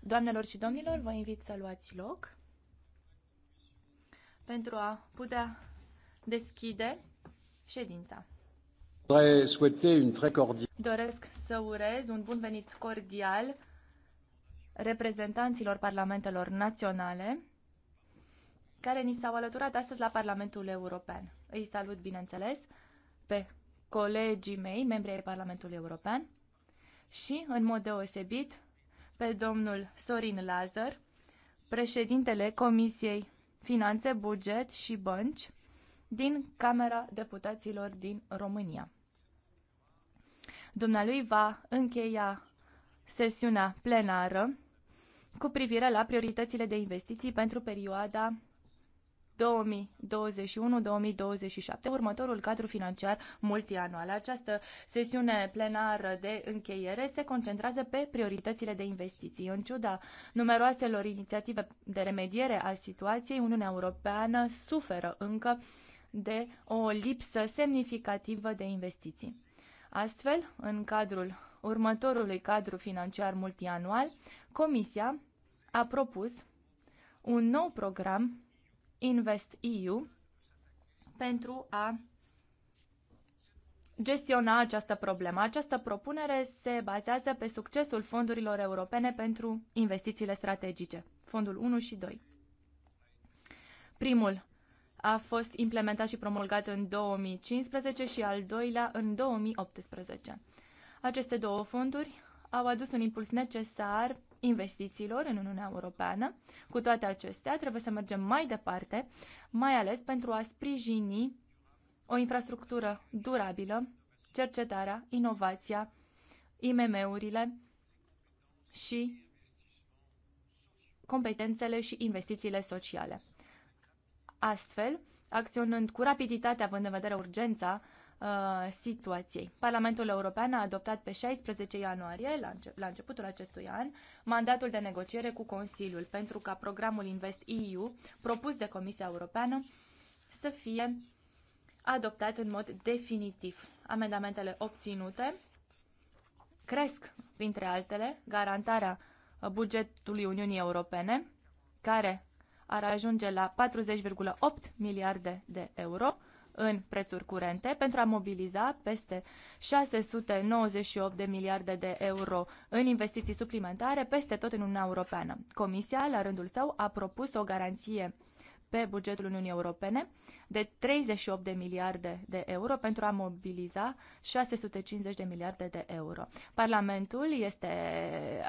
Doamnelor și domnilor, vă invit să luați loc pentru a putea deschide ședința. Doresc să urez un bun venit cordial reprezentanților parlamentelor naționale care ni s-au alăturat astăzi la Parlamentul European. Îi salut, bineînțeles, pe colegii mei, membrii ai Parlamentului European, și, în mod deosebit, pe domnul Sorin Lazar, președintele Comisiei Finanțe, Buget și Bănci din Camera Deputaților din România. Dumnealui va încheia sesiunea plenară cu privire la prioritățile de investiții pentru perioada 2021-2027, următorul cadru financiar multianual. Această sesiune plenară de încheiere se concentrează pe prioritățile de investiții. În ciuda numeroaselor inițiative de remediere a situației, Uniunea Europeană suferă încă de o lipsă semnificativă de investiții. Astfel, în cadrul următorului cadru financiar multianual, Comisia a propus un nou program Invest EU pentru a gestiona această problemă. Această propunere se bazează pe succesul fondurilor europene pentru investițiile strategice, fondul 1 și 2. Primul a fost implementat și promulgat în 2015 și al doilea în 2018. Aceste două fonduri au adus un impuls necesar investițiilor în Uniunea Europeană. Cu toate acestea, trebuie să mergem mai departe, mai ales pentru a sprijini o infrastructură durabilă, cercetarea, inovația, IMM-urile și competențele și investițiile sociale. Astfel, acționând cu rapiditate, având în vedere urgența Uh, situației. Parlamentul European a adoptat pe 16 ianuarie, la, înce- la începutul acestui an, mandatul de negociere cu Consiliul pentru ca programul Invest EU propus de Comisia Europeană să fie adoptat în mod definitiv. Amendamentele obținute cresc, printre altele, garantarea bugetului Uniunii Europene, care ar ajunge la 40,8 miliarde de euro, în prețuri curente pentru a mobiliza peste 698 de miliarde de euro în investiții suplimentare peste tot în Uniunea Europeană. Comisia, la rândul său, a propus o garanție pe bugetul Uniunii Europene de 38 de miliarde de euro pentru a mobiliza 650 de miliarde de euro. Parlamentul este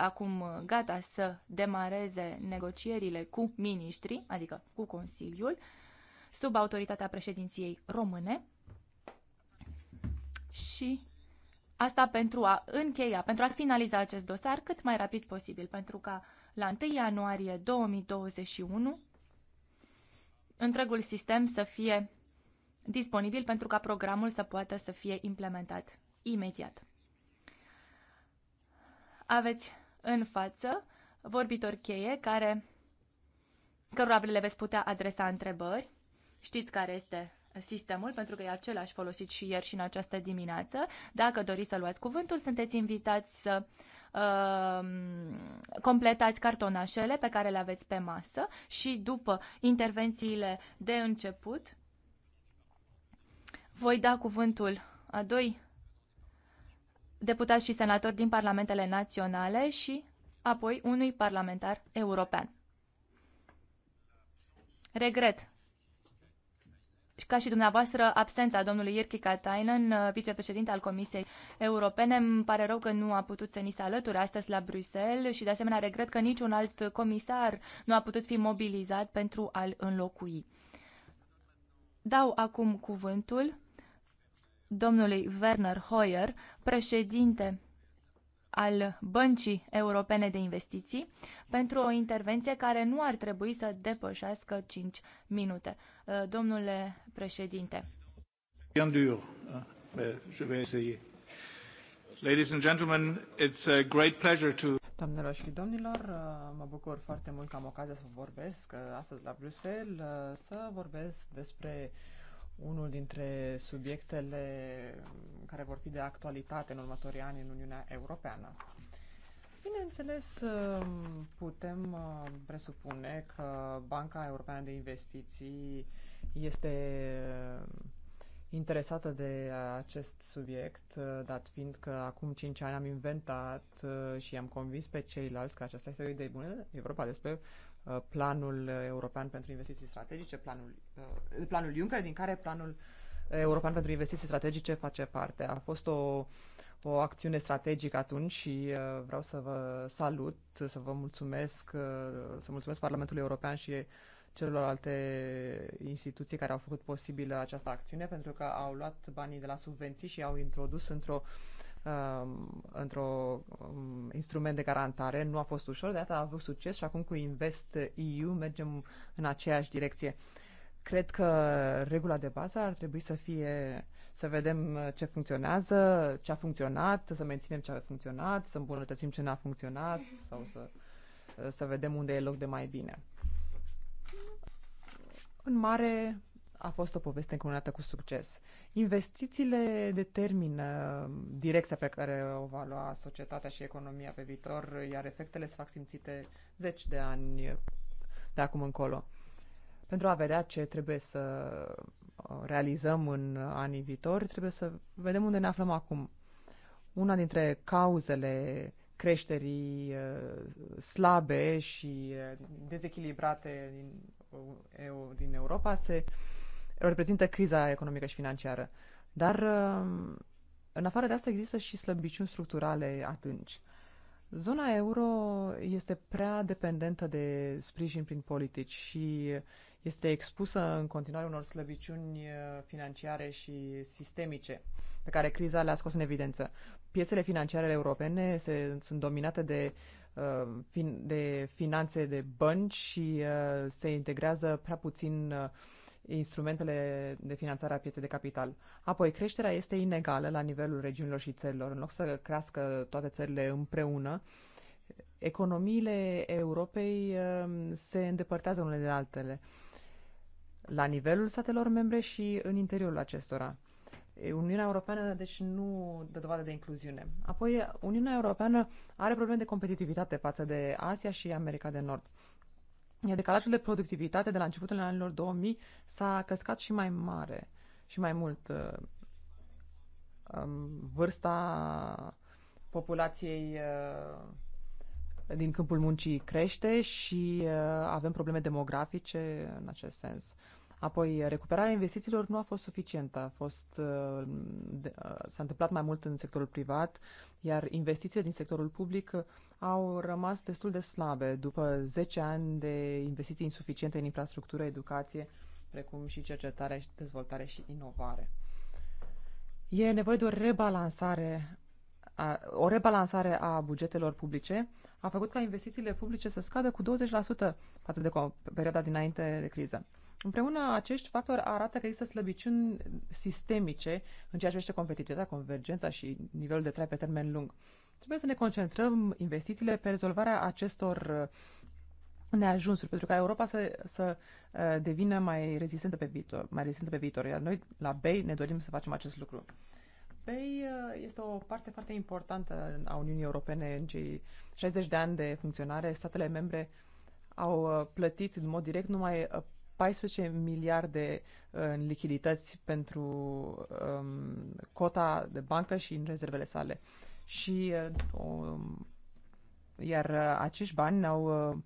acum gata să demareze negocierile cu ministrii, adică cu Consiliul, sub autoritatea președinției române și asta pentru a încheia, pentru a finaliza acest dosar cât mai rapid posibil, pentru ca la 1 ianuarie 2021 întregul sistem să fie disponibil pentru ca programul să poată să fie implementat imediat. Aveți în față vorbitor cheie care cărora le veți putea adresa întrebări Știți care este sistemul, pentru că e același folosit și ieri și în această dimineață. Dacă doriți să luați cuvântul, sunteți invitați să uh, completați cartonașele pe care le aveți pe masă și după intervențiile de început voi da cuvântul a doi deputați și senatori din parlamentele naționale și apoi unui parlamentar european. Regret ca și dumneavoastră, absența domnului Irki Katainen, uh, vicepreședinte al Comisiei Europene. Îmi pare rău că nu a putut să ni se alăture astăzi la Bruxelles și, de asemenea, regret că niciun alt comisar nu a putut fi mobilizat pentru a-l înlocui. Dau acum cuvântul domnului Werner Hoyer, președinte al Băncii Europene de Investiții pentru o intervenție care nu ar trebui să depășească 5 minute. Uh, domnule președinte. Ah, Ladies and gentlemen, it's a great pleasure to Doamnelor și domnilor, uh, mă bucur foarte mult că am ocazia să vorbesc uh, astăzi la Bruxelles, să vorbesc despre unul dintre subiectele care vor fi de actualitate în următorii ani în Uniunea Europeană. Bineînțeles, um, putem um, presupune că Banca Europeană de Investiții este um, interesată de acest subiect, uh, dat fiind că acum 5 ani am inventat uh, și am convins pe ceilalți că aceasta este o idee bună. E vorba despre Uh, planul uh, european pentru investiții strategice, planul, uh, planul Juncker, din care planul european pentru investiții strategice face parte. A fost o, o acțiune strategică atunci și vreau să vă salut, să vă mulțumesc, să mulțumesc Parlamentului European și celorlalte instituții care au făcut posibilă această acțiune, pentru că au luat banii de la subvenții și au introdus într-o uh, Um, într-un um, instrument de garantare. Nu a fost ușor, de data a avut succes și acum cu Invest EU mergem în aceeași direcție. Cred că regula de bază ar trebui să fie să vedem uh, ce funcționează, ce a funcționat, să menținem ce a funcționat, să îmbunătățim ce n-a funcționat sau să, uh, să vedem unde e loc de mai bine. În mare, a fost o poveste încununată cu succes. Investițiile determină direcția pe care o va lua societatea și economia pe viitor, iar efectele se fac simțite zeci de ani de acum încolo. Pentru a vedea ce trebuie să uh, realizăm în anii viitori, trebuie să vedem unde ne aflăm acum. Una dintre cauzele creșterii uh, slabe și uh, dezechilibrate din, din Europa se reprezintă criza economică și financiară. Dar, uh, în afară de asta, există și slăbiciuni structurale atunci. Zona euro este prea dependentă de sprijin prin politici și este expusă în continuare unor slăbiciuni uh, financiare și sistemice pe care criza le-a scos în evidență. Piețele financiare europene se, sunt dominate de, uh, de finanțe de bănci și se integrează prea puțin instrumentele de finanțare a pieței de capital. Apoi, creșterea este inegală la nivelul regiunilor și țărilor. În loc să crească toate țările împreună, economiile Europei um, se îndepărtează unele de altele la nivelul statelor membre și în interiorul acestora. Uniunea Europeană, deci, nu dă dovadă de incluziune. Apoi, Uniunea Europeană are probleme de competitivitate față de Asia și America de Nord decalajul de productivitate de la începutul anilor 2000 s-a căscat și mai mare și mai mult. Uh, um, vârsta populației uh, din câmpul muncii crește și uh, avem probleme demografice în acest sens. Apoi, recuperarea investițiilor nu a fost suficientă. A fost, uh, uh, s-a întâmplat mai mult în sectorul privat, iar investițiile din sectorul public au rămas destul de slabe după 10 ani de investiții insuficiente în infrastructură, educație, precum și cercetare, dezvoltare și inovare. E nevoie de o rebalansare o rebalansare a bugetelor publice a făcut ca investițiile publice să scadă cu 20% față de perioada dinainte de criză. Împreună, acești factori arată că există slăbiciuni sistemice în ceea ce privește competitivitatea, convergența și nivelul de trai pe termen lung. Trebuie să ne concentrăm investițiile pe rezolvarea acestor uh, neajunsuri, pentru ca Europa să, să uh, devină mai rezistentă pe viitor. Mai rezistentă pe viitor. Iar noi, la BEI, ne dorim să facem acest lucru. BEI uh, este o parte foarte importantă a Uniunii Europene în cei 60 de ani de funcționare. Statele membre au plătit în mod direct numai 14 miliarde uh, în lichidități pentru um, cota de bancă și în rezervele sale. Și uh, um, iar uh, acești bani ne-au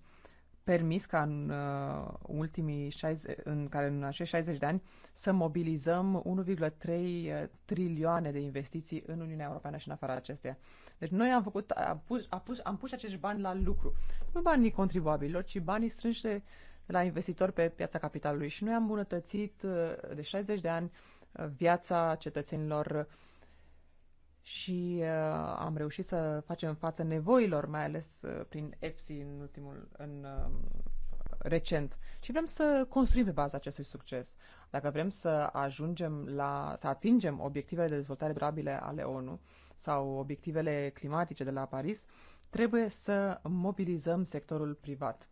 permis ca în uh, ultimii 60, în care în acești 60 de ani să mobilizăm 1,3 trilioane de investiții în Uniunea Europeană și în afara acesteia. Deci noi am făcut am pus, am pus, am pus acești bani la lucru. Nu banii contribuabililor, ci banii strânși de la investitori pe piața capitalului și noi am îmbunătățit uh, de 60 de ani uh, viața cetățenilor și uh, am reușit să facem față nevoilor, mai ales uh, prin EFSI în ultimul, în uh, recent. Și vrem să construim pe baza acestui succes. Dacă vrem să ajungem la, să atingem obiectivele de dezvoltare durabile ale ONU sau obiectivele climatice de la Paris, trebuie să mobilizăm sectorul privat.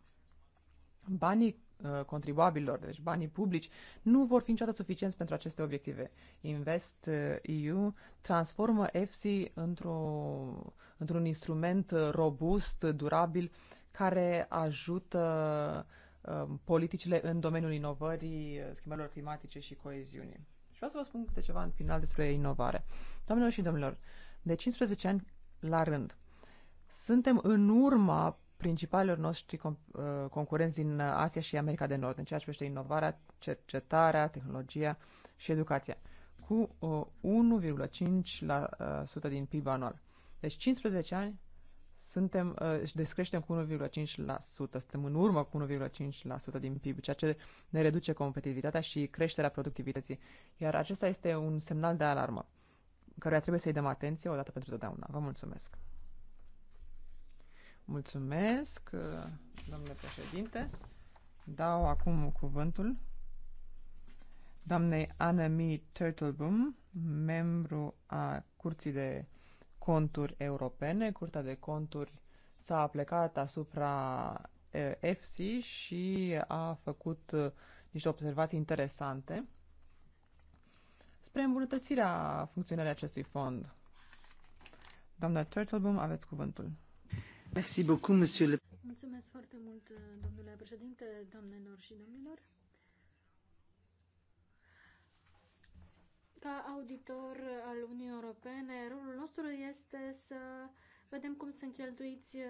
Banii uh, contribuabililor, deci banii publici, nu vor fi niciodată suficienți pentru aceste obiective. Invest uh, EU transformă EFSI într-o, într-un instrument uh, robust, durabil, care ajută politicile în domeniul inovării, schimbărilor climatice și coeziunii. Și vreau să vă spun câte ceva în final despre inovare. Doamnelor și domnilor, de 15 ani la rând, suntem în urma principalilor noștri uh, concurenți din uh, Asia și America de Nord, în ceea ce privește inovarea, cercetarea, tehnologia și educația, cu 1,5% uh, din PIB anual. Deci 15 ani suntem, își descreștem cu 1,5%, suntem în urmă cu 1,5% din PIB, ceea ce ne reduce competitivitatea și creșterea productivității. Iar acesta este un semnal de alarmă, căruia trebuie să-i dăm atenție odată pentru totdeauna. Vă mulțumesc! Mulțumesc, uh, domnule președinte. Dau acum cuvântul doamnei Annemie Turtleboom, membru a Curții de Conturi Europene. Curtea de Conturi s-a plecat asupra EFSI uh, și a făcut uh, niște observații interesante spre îmbunătățirea funcționării acestui fond. Doamna Turtleboom, aveți cuvântul. Merci beaucoup, monsieur le... Mulțumesc foarte mult, domnule președinte, doamnelor și domnilor. Ca auditor al Uniunii Europene, rolul nostru este să vedem cum sunt cheltuiți uh,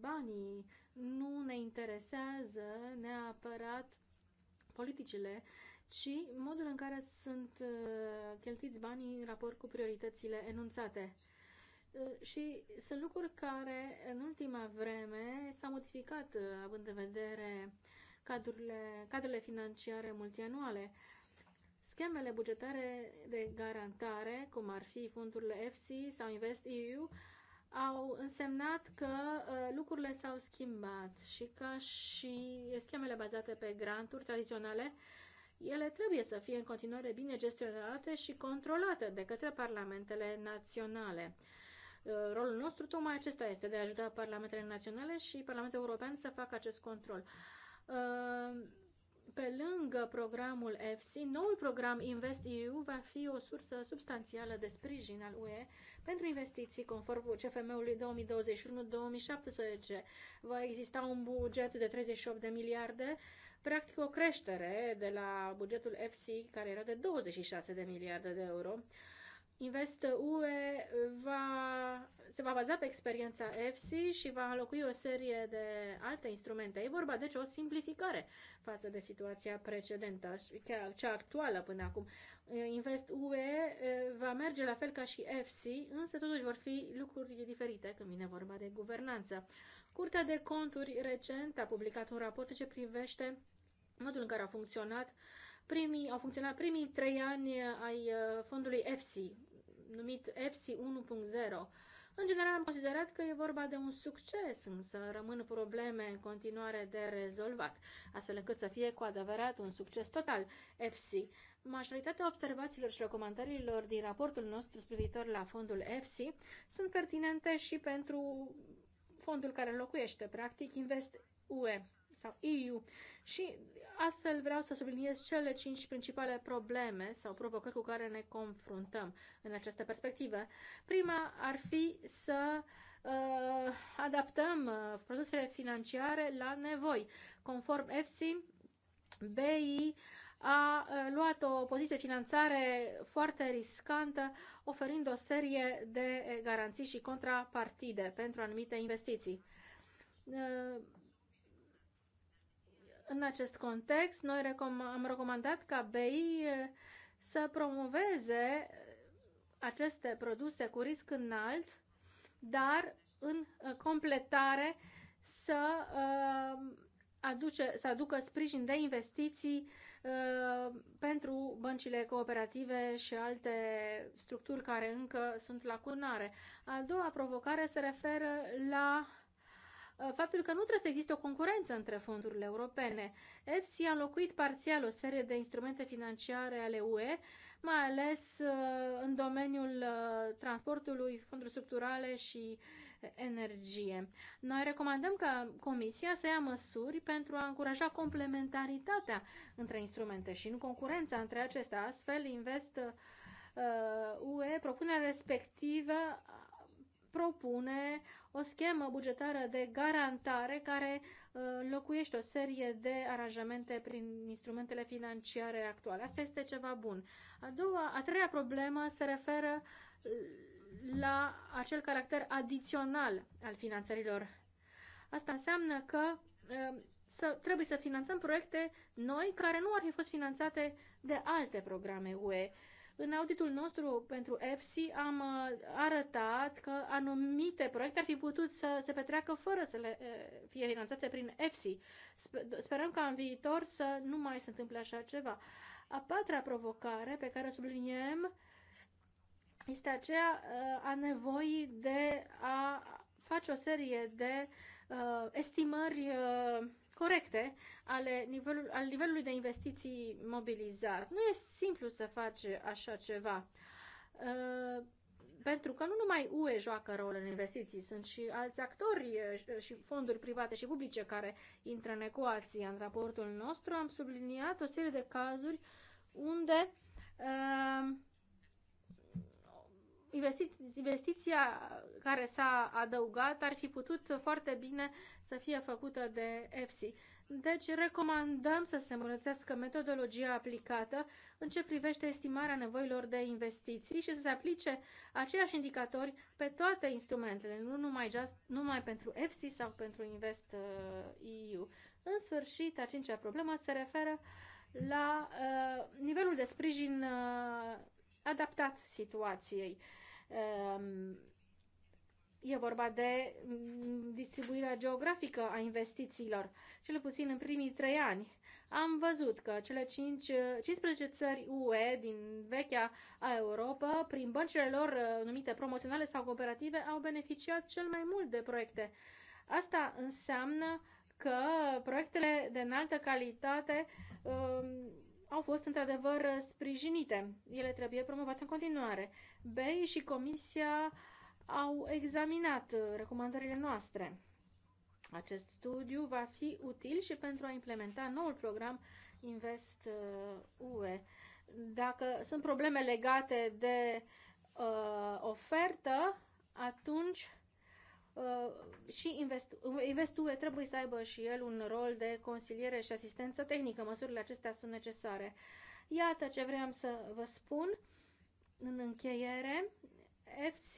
banii. Nu ne interesează neapărat politicile, ci modul în care sunt uh, cheltuiți banii în raport cu prioritățile enunțate. Uh, și sunt lucruri care în ultima vreme s-au modificat uh, având în vedere cadrurile, cadrele financiare multianuale. Schemele bugetare de garantare, cum ar fi fondurile EFSI sau InvestEU, au însemnat că uh, lucrurile s-au schimbat și că și schemele bazate pe granturi tradiționale, ele trebuie să fie în continuare bine gestionate și controlate de către parlamentele naționale. Uh, rolul nostru tocmai acesta este de a ajuta parlamentele naționale și Parlamentul European să facă acest control. Uh, pe lângă programul EFSI, noul program InvestEU va fi o sursă substanțială de sprijin al UE pentru investiții conform CFM-ului 2021-2017. Va exista un buget de 38 de miliarde practic o creștere de la bugetul FC, care era de 26 de miliarde de euro. InvestUE va, se va baza pe experiența EFSI și va înlocui o serie de alte instrumente. E vorba, deci, o simplificare față de situația precedentă, chiar cea actuală până acum. InvestUE va merge la fel ca și EFSI, însă totuși vor fi lucruri diferite când vine vorba de guvernanță. Curtea de conturi recent a publicat un raport ce privește modul în care a funcționat primii, au funcționat primii trei ani ai uh, fondului EFSI, numit EFSI 1.0. În general am considerat că e vorba de un succes, însă rămân probleme în continuare de rezolvat, astfel încât să fie cu adevărat un succes total EFSI. Majoritatea observațiilor și recomandărilor din raportul nostru privitor la fondul EFSI sunt pertinente și pentru fondul care înlocuiește, practic, Invest UE sau EU și Astfel vreau să subliniez cele cinci principale probleme sau provocări cu care ne confruntăm în această perspectivă. Prima ar fi să uh, adaptăm uh, produsele financiare la nevoi. Conform EFSI, BI a uh, luat o poziție finanțare foarte riscantă, oferind o serie de garanții și contrapartide pentru anumite investiții. Uh, în acest context, noi recom am recomandat ca BI eh, să promoveze eh, aceste produse cu risc înalt, dar în eh, completare să, aduce, să aducă sprijin de investiții pentru băncile cooperative și alte structuri care încă sunt lacunare. A doua provocare se referă la Uh, faptul că nu trebuie să existe o concurență între fondurile europene. EFSI a înlocuit parțial o serie de instrumente financiare ale UE, mai ales uh, în domeniul uh, transportului, fonduri structurale și energie. Noi recomandăm ca Comisia să ia măsuri pentru a încuraja complementaritatea între instrumente și nu concurența între acestea. Astfel, Invest UE propunerea respectivă propune o schemă bugetară de garantare care uh, locuiește o serie de aranjamente prin instrumentele financiare actuale. Asta este ceva bun. A, doua, a treia problemă se referă uh, la acel caracter adițional al finanțărilor. Asta înseamnă că uh, să, trebuie să finanțăm proiecte noi care nu ar fi fost finanțate de alte programe UE. În auditul nostru pentru EFSI am uh, arătat că anumite proiecte ar fi putut să se petreacă fără să le uh, fie finanțate prin EFSI. Sperăm ca în viitor să nu mai se întâmple așa ceva. A patra provocare pe care o subliniem este aceea uh, a nevoii de a face o serie de estimări corecte ale nivelul, al nivelului de investiții mobilizat. Nu e simplu să faci așa ceva. Uh, pentru că nu numai UE joacă rol în investiții, sunt și alți actori uh, și fonduri private și publice care intră în ecuație. În raportul nostru am subliniat o serie de cazuri unde uh, investi investiția care s-a adăugat ar fi putut foarte bine să fie făcută de EFSI. Deci recomandăm să se îmbunătățească metodologia aplicată în ce privește estimarea nevoilor de investiții și să se aplice aceiași indicatori pe toate instrumentele, nu numai, just, numai pentru EFSI sau pentru Invest uh, EU. În sfârșit, a cincea problemă se referă la uh, nivelul de sprijin uh, adaptat situației. Uh, Ehm, e vorba de mm, distribuirea geografică a investițiilor, cel puțin în primii trei ani. Am văzut că cele 5, 15 țări UE din vechea Europa, prin băncile lor eh, numite promoționale sau cooperative, au beneficiat cel mai mult de proiecte. Asta înseamnă că proiectele de înaltă calitate ehm, au fost într-adevăr sprijinite. Ele trebuie promovate în continuare. BEI și Comisia au examinat uh, recomandările noastre. Acest studiu va fi util și pentru a implementa noul program Invest UE. Uh, Dacă sunt probleme legate de uh, ofertă, atunci Uh, și investuie trebuie să aibă și el un rol de consiliere și asistență tehnică. Măsurile acestea sunt necesare. Iată ce vreau să vă spun în încheiere. FC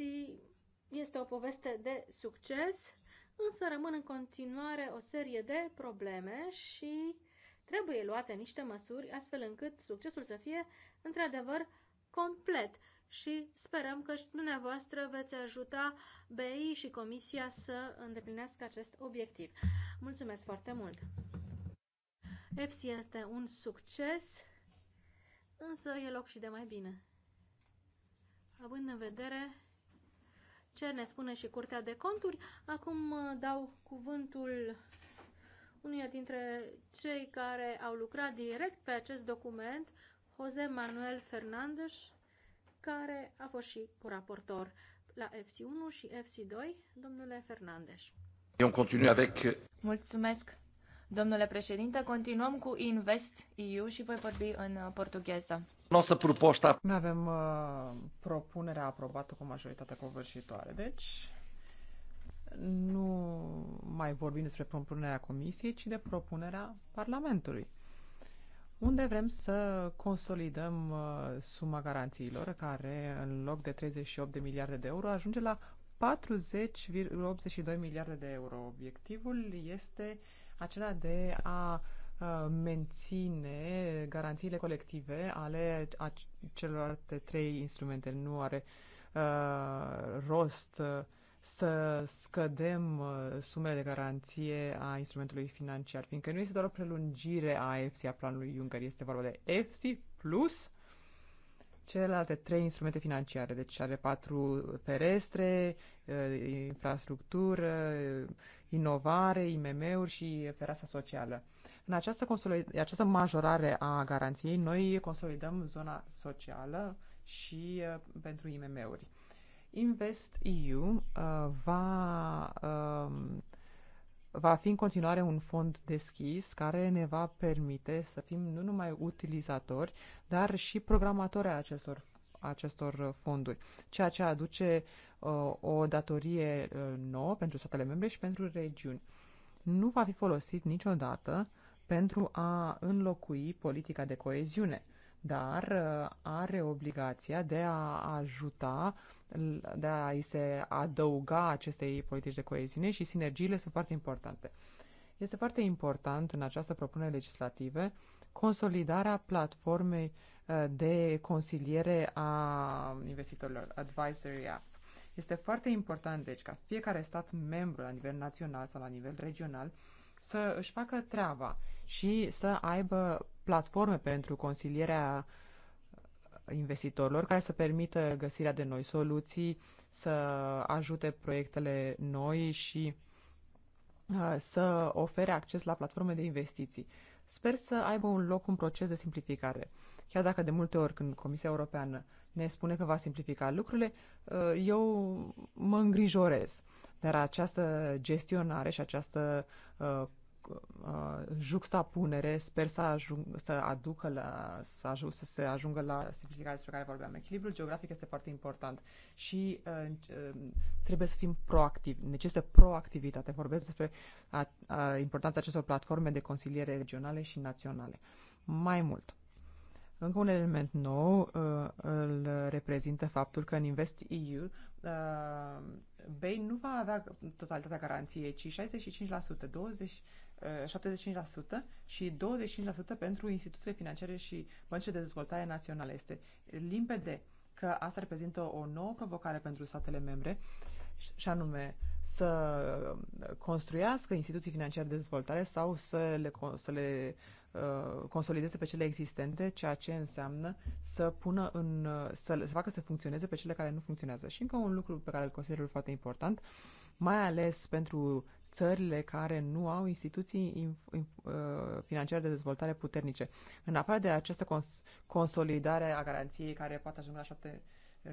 este o poveste de succes, însă rămân în continuare o serie de probleme și trebuie luate niște măsuri astfel încât succesul să fie într-adevăr complet și sperăm că și dumneavoastră veți ajuta BEI și Comisia să îndeplinească acest obiectiv. Mulțumesc foarte mult! EFSI este un succes, însă e loc și de mai bine. Având în vedere ce ne spune și Curtea de Conturi, acum uh, dau cuvântul unuia dintre cei care au lucrat direct pe acest document, Jose Manuel Fernandes, care a fost și cu raportor la FC1 și FC2, domnule Fernandes. Eu continui avec... Euh, Mulțumesc, domnule președinte. Continuăm cu Invest EU și voi vorbi în uh, portugheză. Noastră proposta. Noi avem uh, propunerea aprobată cu majoritate covârșitoare, deci nu mai vorbim despre propunerea Comisiei, ci de propunerea Parlamentului unde vrem să consolidăm uh, suma garanțiilor, care în loc de 38 de miliarde de euro ajunge la 40,82 miliarde de euro. Obiectivul este acela de a uh, menține garanțiile colective ale celor de trei instrumente. Nu are uh, rost uh, să scădem uh, sumele de garanție a instrumentului financiar, fiindcă nu este doar o prelungire a EFSI, a planului Juncker, este vorba de EFSI plus celelalte trei instrumente financiare, deci are patru ferestre, uh, infrastructură, inovare, IMM-uri și fereastra socială. În această, consolid- această majorare a garanției, noi consolidăm zona socială și uh, pentru IMM-uri. EU uh, va, uh, va fi în continuare un fond deschis care ne va permite să fim nu numai utilizatori, dar și programatori a acestor, acestor fonduri, ceea ce aduce uh, o datorie uh, nouă pentru statele membre și pentru regiuni. Nu va fi folosit niciodată pentru a înlocui politica de coeziune dar uh, are obligația de a ajuta, de a îi se adăuga acestei politici de coeziune și sinergiile sunt foarte importante. Este foarte important în această propunere legislativă consolidarea platformei uh, de consiliere a investitorilor, Advisory App. Este foarte important, deci, ca fiecare stat membru la nivel național sau la nivel regional să își facă treaba și să aibă platforme pentru consilierea investitorilor care să permită găsirea de noi soluții, să ajute proiectele noi și uh, să ofere acces la platforme de investiții. Sper să aibă un loc un proces de simplificare. Chiar dacă de multe ori când Comisia Europeană ne spune că va simplifica lucrurile, uh, eu mă îngrijorez. Dar această gestionare și această uh, uh, juxtapunere. Sper să, ajung, să aducă la, să, ajung, să se ajungă la simplificarea despre care vorbeam. Echilibrul geografic este foarte important și uh, trebuie să fim proactivi. Necesită proactivitate. Vorbesc despre a, a, importanța acestor platforme de consiliere regionale și naționale. Mai mult, încă un element nou uh, îl reprezintă faptul că în Invest EU uh, BEI nu va avea totalitatea garanției, ci 65%, 20, 75% și 25% pentru instituțiile financiare și băncile de dezvoltare naționale. Este limpede că asta reprezintă o nouă provocare pentru statele membre și anume să construiască instituții financiare de dezvoltare sau să le, să le uh, consolideze pe cele existente, ceea ce înseamnă să pună în, să, să facă să funcționeze pe cele care nu funcționează. Și încă un lucru pe care îl consider foarte important, mai ales pentru țările care nu au instituții uh, financiare de dezvoltare puternice. În afară de această cons- consolidare a garanției care poate ajunge la 7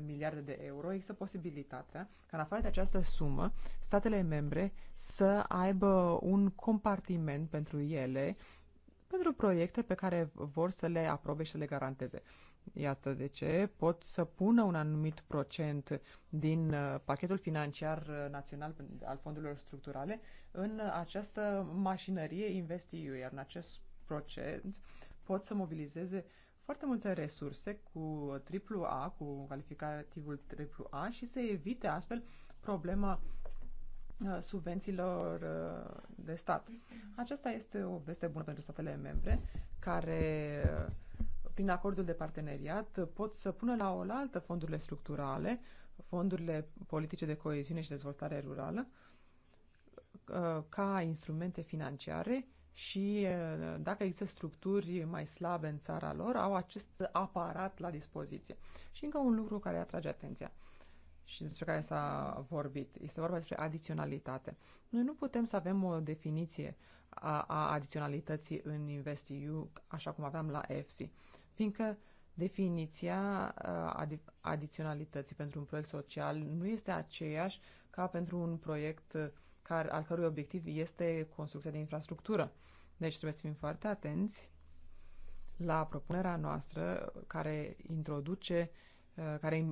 miliarde de euro, există posibilitatea ca în afară de această sumă, statele membre să aibă un compartiment pentru ele pentru proiecte pe care vor să le aprobe și să le garanteze. Iată de ce pot să pună un anumit procent din uh, pachetul financiar uh, național al fondurilor structurale în această mașinărie InvestEU, iar în acest procent pot să mobilizeze foarte multe resurse cu triplu A, cu calificativul triplu A și să evite astfel problema uh, subvențiilor de stat. Aceasta este o veste bună pentru statele membre care prin acordul de parteneriat, pot să pună la oaltă fondurile structurale, fondurile politice de coeziune și dezvoltare rurală, uh, ca instrumente financiare și uh, dacă există structuri mai slabe în țara lor, au acest aparat la dispoziție. Și încă un lucru care atrage atenția și despre care s-a vorbit. Este vorba despre adiționalitate. Noi nu putem să avem o definiție a, a adiționalității în InvestEU, așa cum aveam la EFSI fiindcă definiția uh, adi- adiționalității pentru un proiect social nu este aceeași ca pentru un proiect uh, care, al cărui obiectiv este construcția de infrastructură. Deci trebuie să fim foarte atenți la propunerea noastră care introduce, uh, care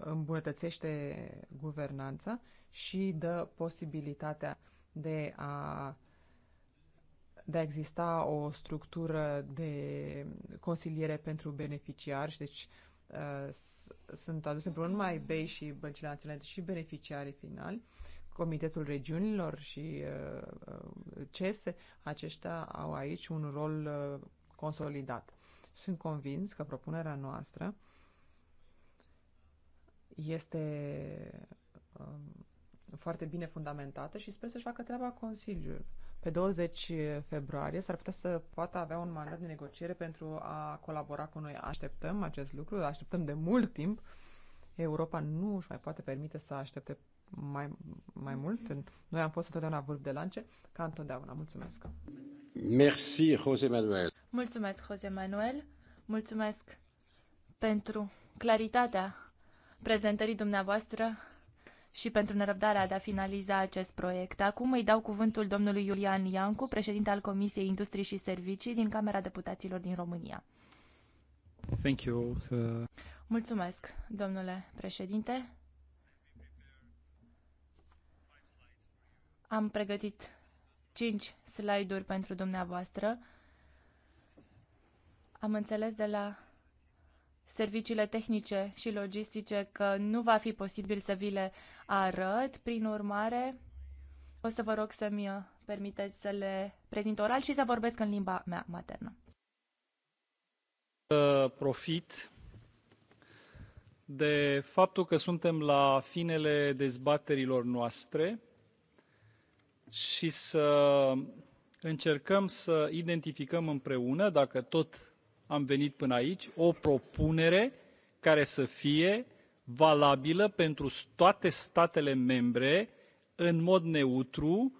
îmbunătățește guvernanța și dă posibilitatea de a de a exista o structură de consiliere pentru beneficiari și deci uh, sunt aduse împreună numai BEI și băncile naționale, deci și beneficiarii finali, Comitetul Regiunilor și uh, uh CESE, aceștia au aici un rol uh, consolidat. Sunt convins că propunerea noastră este um, foarte bine fundamentată și sper să-și facă treaba Consiliul pe 20 februarie s-ar putea să poată avea un mandat de negociere pentru a colabora cu noi. Așteptăm acest lucru, așteptăm de mult timp. Europa nu își mai poate permite să aștepte mai, mai mult. Noi am fost întotdeauna vârf de lance, ca întotdeauna. Mulțumesc! Merci, José Manuel! Mulțumesc, José Manuel! Mulțumesc pentru claritatea prezentării dumneavoastră și pentru nerăbdarea de a finaliza acest proiect. Acum îi dau cuvântul domnului Iulian Iancu, președinte al Comisiei Industrii și Servicii din Camera Deputaților din România. Thank you. Mulțumesc, domnule președinte. Am pregătit cinci slide-uri pentru dumneavoastră. Am înțeles de la serviciile tehnice și logistice că nu va fi posibil să vi le arăt. Prin urmare, o să vă rog să-mi uh, permiteți să le prezint oral și să vorbesc în limba mea maternă. Profit de faptul că suntem la finele dezbaterilor noastre și să încercăm să identificăm împreună, dacă tot am venit până aici, o propunere care să fie valabilă pentru toate statele membre în mod neutru,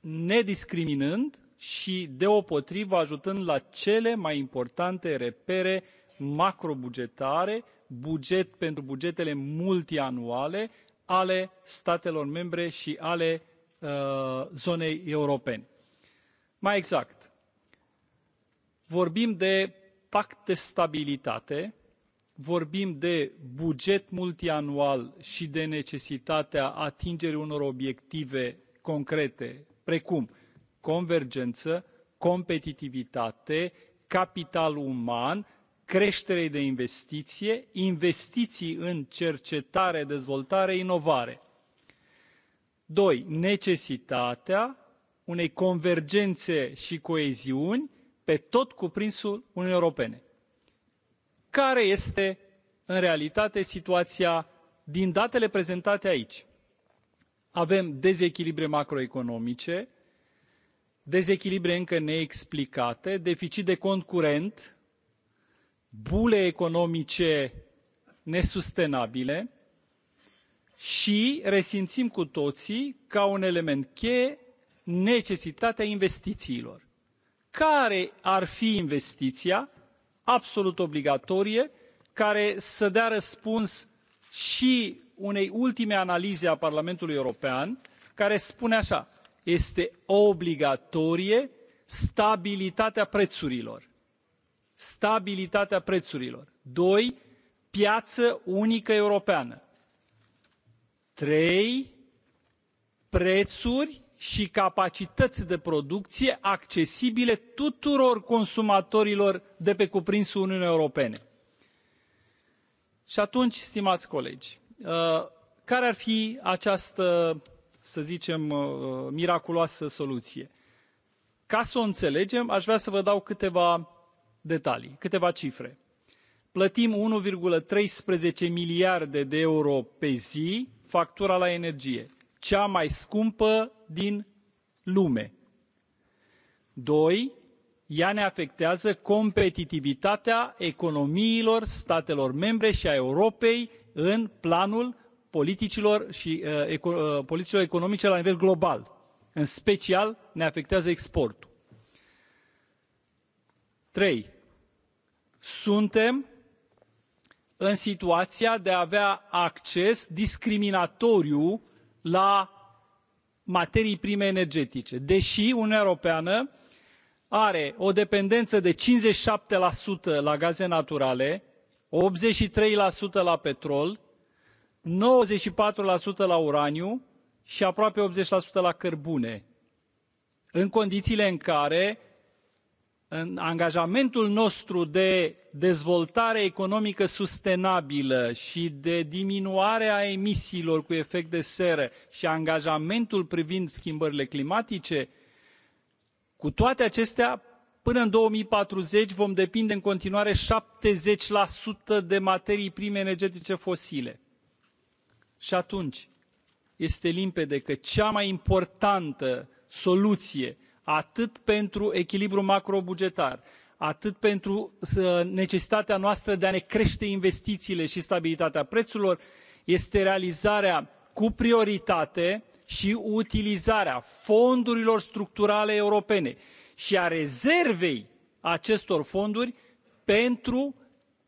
nediscriminând și deopotrivă ajutând la cele mai importante repere macrobugetare, buget pentru bugetele multianuale ale statelor membre și ale uh, zonei europene. Mai exact, vorbim de pact de stabilitate, vorbim de buget multianual și de necesitatea atingerii unor obiective concrete, precum convergență, competitivitate, capital uman, creștere de investiție, investiții în cercetare, dezvoltare, inovare. Doi, necesitatea unei convergențe și coeziuni pe tot cuprinsul Uniunii Europene care este în realitate situația din datele prezentate aici. Avem dezechilibre macroeconomice, dezechilibre încă neexplicate, deficit de cont curent, bule economice nesustenabile și resimțim cu toții ca un element cheie necesitatea investițiilor. Care ar fi investiția absolut obligatorie care să dea răspuns și unei ultime analize a Parlamentului European care spune așa, este obligatorie stabilitatea prețurilor. Stabilitatea prețurilor. Doi, piață unică europeană. Trei, prețuri și capacități de producție accesibile tuturor consumatorilor de pe cuprinsul Uniunii Europene. Și atunci, stimați colegi, uh, care ar fi această, să zicem, uh, miraculoasă soluție? Ca să o înțelegem, aș vrea să vă dau câteva detalii, câteva cifre. Plătim 1,13 miliarde de euro pe zi factura la energie cea mai scumpă din lume. Doi, ea ne afectează competitivitatea economiilor statelor membre și a Europei în planul politicilor, și, uh, eco, uh, politicilor economice la nivel global. În special ne afectează exportul. Trei, suntem în situația de a avea acces discriminatoriu la materii prime energetice deși uniunea europeană are o dependență de cincizeci și șapte la gaze naturale optzeci și trei la petrol nouăzeci și patru la uraniu și aproape optzeci la cărbune în condițiile în care în angajamentul nostru de dezvoltare economică sustenabilă și de diminuare a emisiilor cu efect de seră și angajamentul privind schimbările climatice, cu toate acestea, până în 2040 vom depinde în continuare 70% de materii prime energetice fosile. Și atunci este limpede că cea mai importantă soluție atât pentru echilibrul macrobugetar atât pentru necesitatea noastră de a ne crește investițiile și stabilitatea prețurilor este realizarea cu prioritate și utilizarea fondurilor structurale europene și a rezervei acestor fonduri pentru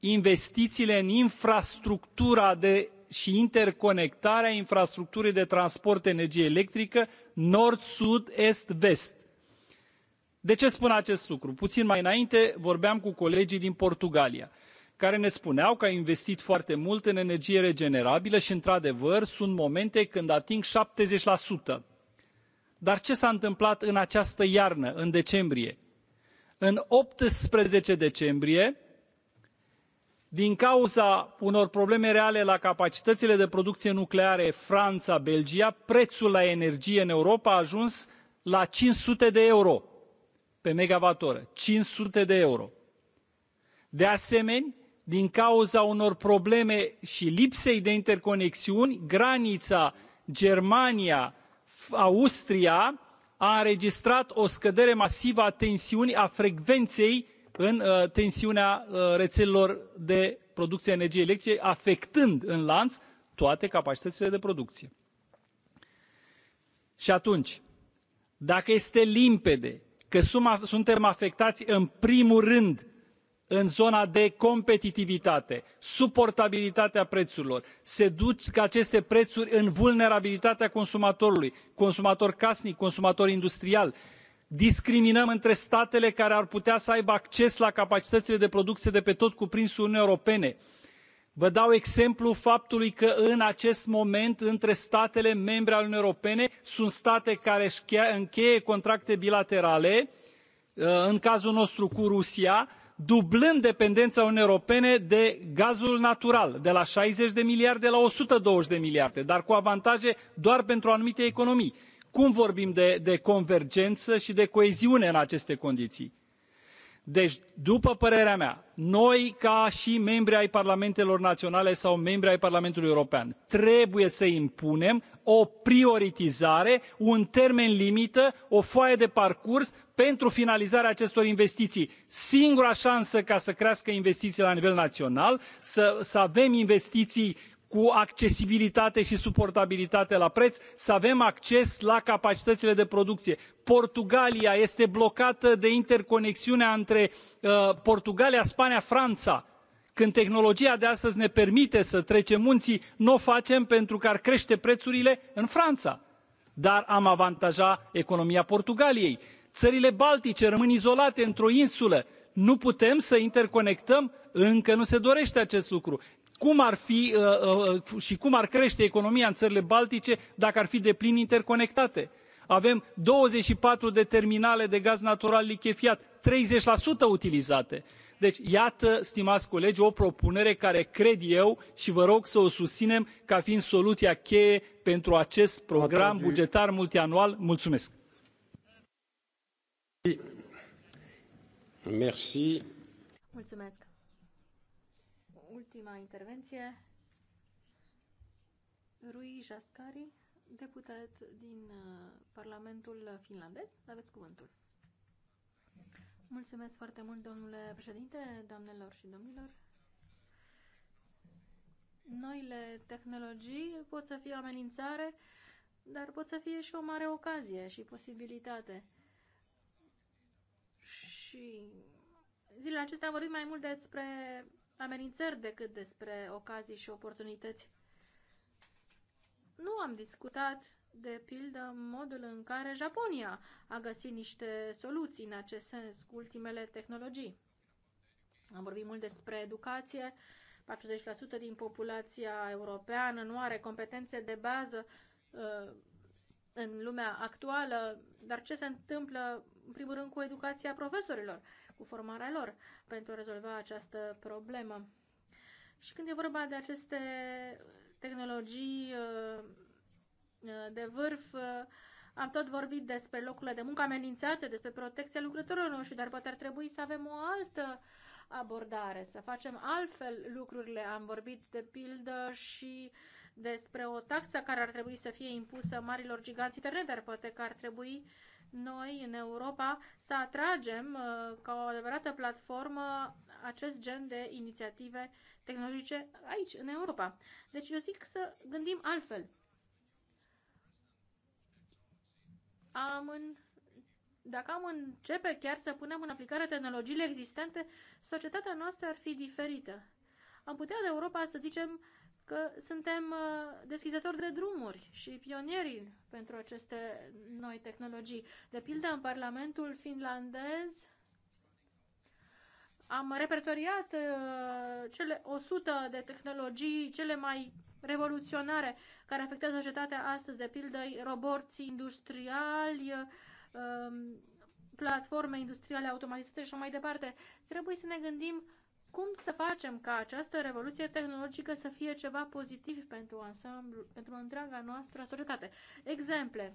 investițiile în infrastructura de și interconectarea infrastructurii de transport energie electrică nord sud est vest de ce spun acest lucru? puțin mai înainte vorbeam cu colegii din portugalia care ne spuneau că au investit foarte mult în energie regenerabilă și într adevăr sunt momente când ating șaptezeci dar ce s a întâmplat în această iarnă în decembrie? în optsprezece decembrie din cauza unor probleme reale la capacitățile de producție nucleare franța belgia prețul la energie în europa a ajuns la cinci sute de euro pe megawattoră, 500 de euro. De asemenea, din cauza unor probleme și lipsei de interconexiuni, granița Germania-Austria a înregistrat o scădere masivă a tensiunii, a frecvenței în uh, tensiunea uh, rețelelor de producție a energiei electrice, afectând în lanț toate capacitățile de producție. Și atunci, dacă este limpede că suma, suntem afectați în primul rând în zona de competitivitate, suportabilitatea prețurilor. Se duc aceste prețuri în vulnerabilitatea consumatorului, consumator casnic, consumator industrial. Discriminăm între statele care ar putea să aibă acces la capacitățile de producție de pe tot cuprinsul Uniunii Europene. Vă dau exemplu faptului că în acest moment între statele membre ale Uniunii Europene sunt state care își încheie contracte bilaterale, uh, în cazul nostru cu Rusia, dublând dependența Uniunii Europene de gazul natural, de la 60 de miliarde la 120 de miliarde, dar cu avantaje doar pentru anumite economii. Cum vorbim de, de convergență și de coeziune în aceste condiții? Deci, după părerea mea, noi, ca și membri ai Parlamentelor Naționale sau membri ai Parlamentului European, trebuie să impunem o prioritizare, un termen limită, o foaie de parcurs pentru finalizarea acestor investiții. Singura șansă ca să crească investițiile la nivel național, să, să avem investiții uh, cu accesibilitate și suportabilitate la preț, să avem acces la capacitățile de producție. Portugalia este blocată de interconexiunea între uh, Portugalia, Spania, Franța. Când tehnologia de astăzi ne permite să trecem munții, nu o facem pentru că ar crește prețurile în Franța. Dar am avantaja economia Portugaliei. Țările Baltice rămân izolate într-o insulă. Nu putem să interconectăm? Încă nu se dorește acest lucru cum ar fi uh, uh, și cum ar crește economia în țările baltice dacă ar fi deplin interconectate. Avem 24 de terminale de gaz natural lichefiat, 30% utilizate. Deci, iată, stimați colegi, o propunere care cred eu și vă rog să o susținem ca fiind soluția cheie pentru acest program bugetar multianual. Mulțumesc! Merci. Mulțumesc ultima intervenție, Rui Jaskari, deputat din uh, Parlamentul finlandez. Aveți cuvântul. Mulțumesc foarte mult, domnule președinte, doamnelor și domnilor. Noile tehnologii pot să fie o amenințare, dar pot să fie și o mare ocazie și posibilitate. Și zilele acestea am vorbit mai mult despre amenințări decât despre ocazii și oportunități. Nu am discutat, de pildă, modul în care Japonia a găsit niște soluții în acest sens cu ultimele tehnologii. Am vorbit mult despre educație. 40% din populația europeană nu are competențe de bază uh, în lumea actuală, dar ce se întâmplă, în primul rând, cu educația profesorilor? cu formarea lor pentru a rezolva această problemă. Și când e vorba de aceste tehnologii uh, uh, de vârf, uh, am tot vorbit despre locurile de muncă amenințate, despre protecția lucrătorilor noștri, dar poate ar trebui să avem o altă abordare, să facem altfel lucrurile. Am vorbit de pildă și despre o taxă care ar trebui să fie impusă marilor giganți internet, dar poate că ar trebui uh, noi în Europa să atragem uh, ca o adevărată platformă acest gen de inițiative tehnologice aici, în Europa. Deci eu zic să gândim altfel. Am în... Dacă am începe chiar să punem în aplicare tehnologiile existente, societatea noastră ar fi diferită. Am putea de Europa să zicem că suntem uh, deschizători de drumuri și pionieri pentru aceste noi tehnologii. De pildă, în Parlamentul finlandez am repertoriat uh, cele 100 de tehnologii cele mai revoluționare care afectează societatea astăzi, de pildă roborții industriali, um, platforme industriale automatizate și mai departe. Trebuie să ne gândim cum să facem ca această revoluție tehnologică să fie ceva pozitiv pentru ansamblu, pentru întreaga noastră societate? Exemple.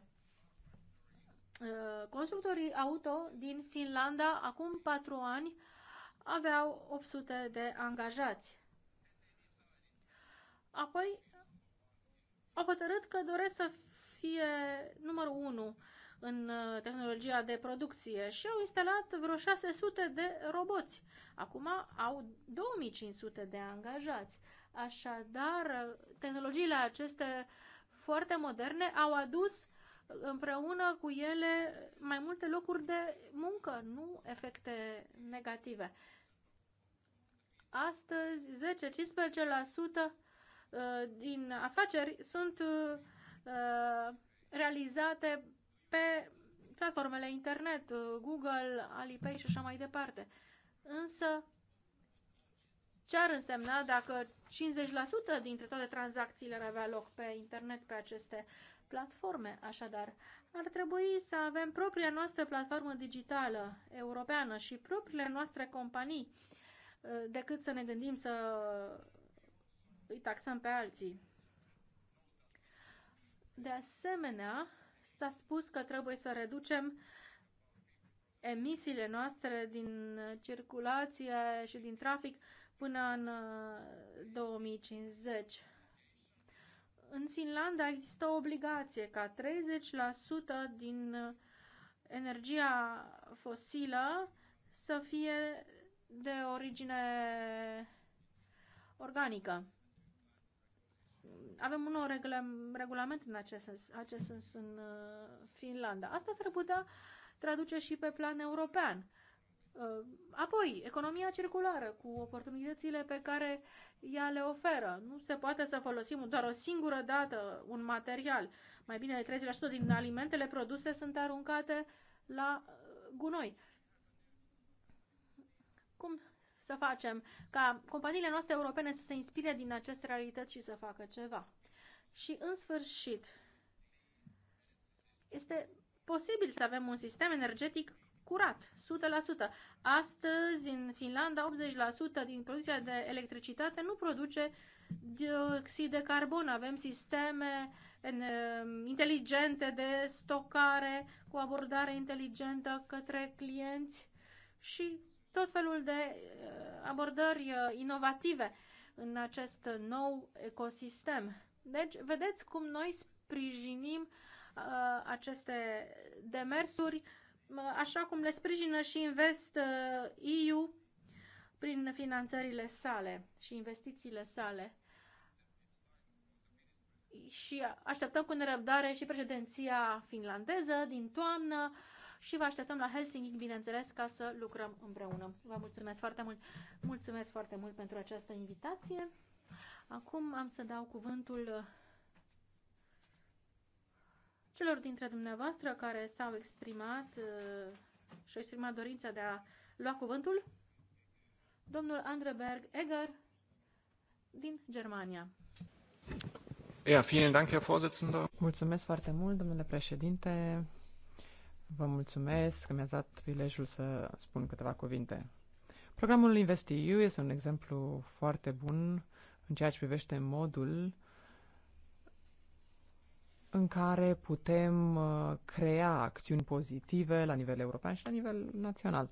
Uh, constructorii auto din Finlanda, acum patru ani, aveau 800 de angajați. Apoi au hotărât că doresc să fie numărul 1 în uh, tehnologia de producție și au instalat vreo 600 de roboți. Acum au 2500 de angajați. Așadar, tehnologiile aceste foarte moderne au adus împreună cu ele mai multe locuri de muncă, nu efecte negative. Astăzi, 10-15% uh, din afaceri sunt uh, realizate pe platformele internet, uh, Google, Alipay și așa mai departe. Însă, ce ar însemna dacă 50% dintre toate tranzacțiile ar avea loc pe internet, pe aceste platforme? Așadar, ar trebui să avem propria noastră platformă digitală europeană și propriile noastre companii, uh, decât să ne gândim să îi taxăm pe alții. De asemenea, s-a spus că trebuie să reducem emisiile noastre din circulație și din trafic până în 2050. Uh, în Finlanda există o obligație ca 30% din uh, energia fosilă să fie de origine organică avem un nou regulament în acest sens, acest sens în uh, Finlanda. Asta s-ar putea traduce și pe plan european. Uh, apoi, economia circulară cu oportunitățile pe care ea le oferă. Nu se poate să folosim doar o singură dată un material. Mai bine de 30% din alimentele produse sunt aruncate la uh, gunoi. Cum să facem ca companiile noastre europene să se inspire din aceste realități și să facă ceva. Și în sfârșit, este posibil să avem un sistem energetic curat, 100%. Astăzi, în Finlanda, 80% din producția de electricitate nu produce dioxid de carbon. Avem sisteme um, inteligente de stocare cu abordare inteligentă către clienți și tot felul de uh, abordări uh, inovative în acest nou ecosistem. Deci, vedeți cum noi sprijinim uh, aceste demersuri, așa cum le sprijină și Invest EU prin finanțările sale și investițiile sale. Și așteptăm cu nerăbdare și președinția finlandeză din toamnă, și vă așteptăm la Helsinki, bineînțeles, ca să lucrăm împreună. Vă mulțumesc foarte mult, mulțumesc foarte mult pentru această invitație. Acum am să dau cuvântul uh, celor dintre dumneavoastră care s-au exprimat uh, și au exprimat dorința de a lua cuvântul. Domnul Andreberg Eger, din Germania. Ja, vielen Dank, Herr Vorsitzender. Mulțumesc foarte mult, domnule președinte. Vă mulțumesc că mi-ați dat prilejul să spun câteva cuvinte. Programul InvestEU este un exemplu foarte bun în ceea ce privește modul în care putem uh, crea acțiuni pozitive la nivel european și la nivel național.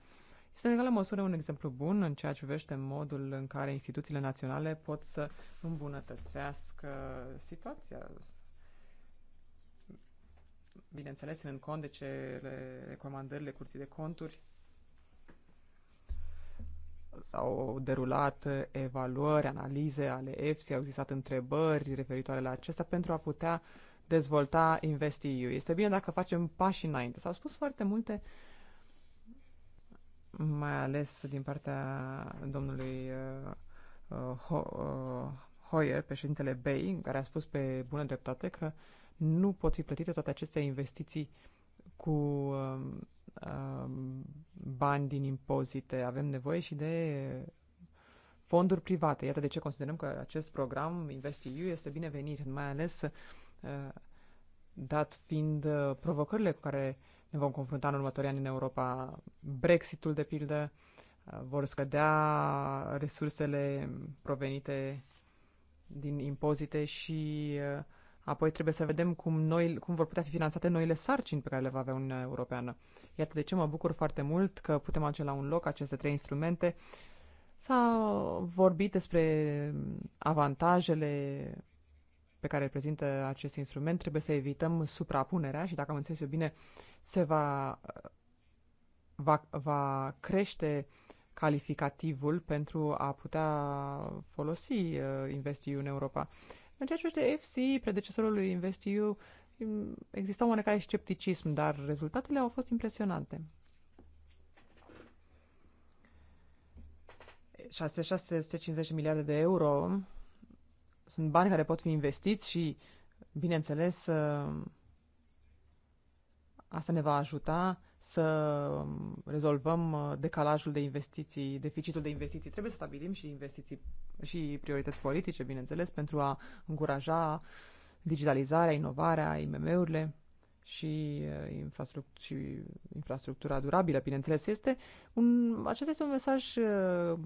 Este în egală măsură un exemplu bun în ceea ce privește modul în care instituțiile naționale pot să îmbunătățească situația bineînțeles, în cont de cele recomandările curții de conturi s-au derulat evaluări, analize ale EFSI, au existat întrebări referitoare la acestea pentru a putea dezvolta InvestEU. Este bine dacă facem pași înainte. S-au spus foarte multe, mai ales din partea domnului uh, uh, Hoyer, președintele BEI, care a spus pe bună dreptate că uh, nu pot fi plătite toate aceste investiții cu uh, uh, bani din impozite. Avem nevoie și de fonduri private. Iată de ce considerăm că acest program InvestEU este binevenit, mai ales uh, dat fiind uh, provocările cu care ne vom confrunta în următorii ani în Europa. Brexitul, de pildă, uh, vor scădea resursele provenite din impozite și uh, Apoi trebuie să vedem cum, noi, cum vor putea fi finanțate noile sarcini pe care le va avea Uniunea Europeană. Iată de ce mă bucur foarte mult că putem aduce la un loc aceste trei instrumente. S-a vorbit despre avantajele pe care reprezintă acest instrument. Trebuie să evităm suprapunerea și, dacă am înțeles eu bine, se va, va, va crește calificativul pentru a putea folosi uh, InvestEU în Europa. În ceea ce privește FC, predecesorul lui InvestEU, exista un oarecare scepticism, dar rezultatele au fost impresionante. 6650 miliarde de euro sunt bani care pot fi investiți și, bineînțeles, ă, asta ne va ajuta să um, rezolvăm uh, decalajul de investiții, deficitul de investiții. Trebuie să stabilim și investiții și priorități politice, bineînțeles, pentru a încuraja digitalizarea, inovarea, IMM-urile și, uh, infrastruct- și infrastructura durabilă, bineînțeles, este un, acesta este un mesaj uh,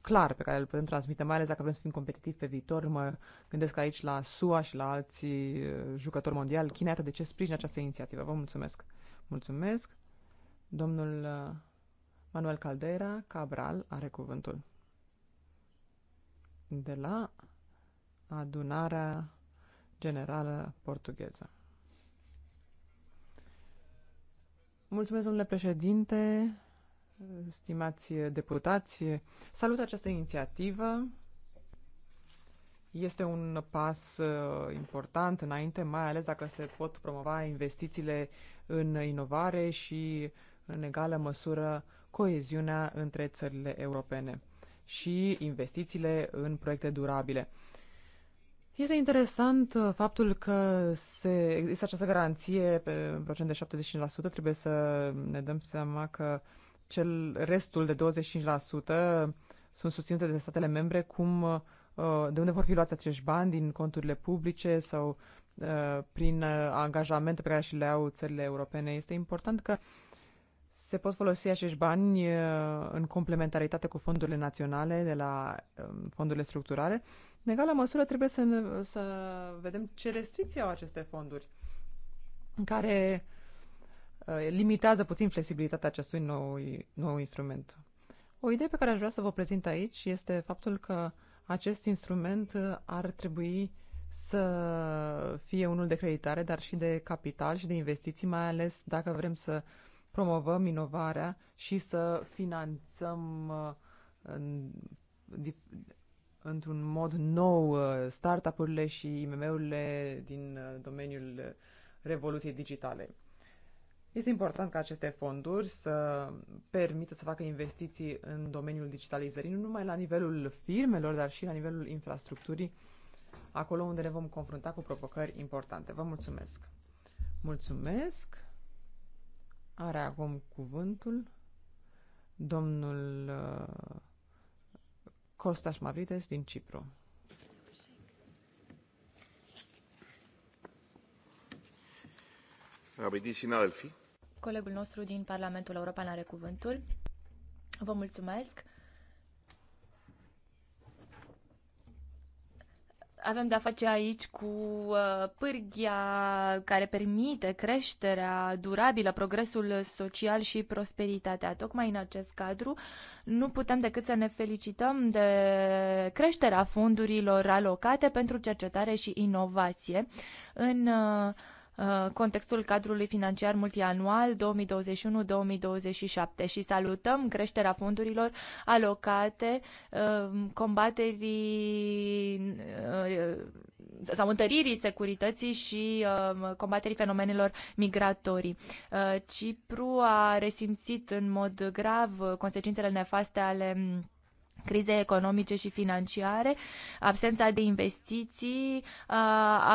clar pe care îl putem transmite, mai ales dacă vrem să fim competitivi pe viitor. Mă gândesc aici la SUA și la alții jucători mondiali. China, iată de ce sprijină această inițiativă. Vă mulțumesc! Mulțumesc! Domnul uh, Manuel Caldera Cabral are cuvântul. De la adunarea generală portugheză. Mulțumesc, domnule președinte, stimați deputați. Salut această inițiativă. Este un pas uh, important înainte, mai ales dacă se pot promova investițiile în inovare și în egală măsură coeziunea între țările europene și investițiile în proiecte durabile. Este interesant uh, faptul că se, există această garanție pe un procent de 75%. Trebuie să ne dăm seama că cel restul de 25% sunt susținute de statele membre, cum, uh, de unde vor fi luați acești bani, din conturile publice sau uh, prin angajamente pe care și le au țările europene. Este important că se pot folosi acești bani uh, în complementaritate cu fondurile naționale de la um, fondurile structurale. În egală măsură trebuie să, să vedem ce restricții au aceste fonduri care uh, limitează puțin flexibilitatea acestui nou, nou instrument. O idee pe care aș vrea să vă prezint aici este faptul că acest instrument uh, ar trebui să fie unul de creditare, dar și de capital și de investiții, mai ales dacă vrem să uh, promovăm inovarea și să finanțăm uh, în, într-un mod nou uh, startup-urile și IMM-urile din uh, domeniul revoluției digitale. Este important ca aceste fonduri să permită să facă investiții în domeniul digitalizării, nu numai la nivelul firmelor, dar și la nivelul infrastructurii, acolo unde ne vom confrunta cu provocări importante. Vă mulțumesc! Mulțumesc! Are acum cuvântul domnul uh, Costas Mavrides din Cipru. Colegul nostru din Parlamentul European are cuvântul. Vă mulțumesc. Avem de-a face aici cu uh, pârghia care permite creșterea durabilă, progresul social și prosperitatea. Tocmai în acest cadru nu putem decât să ne felicităm de creșterea fondurilor alocate pentru cercetare și inovație în uh, Uh, contextul cadrului financiar multianual 2021-2027 și salutăm creșterea fondurilor alocate uh, combaterii uh, sau întăririi securității și combaterii fenomenelor migratorii. Cipru a resimțit în mod grav consecințele nefaste ale crize economice și financiare, absența de investiții uh,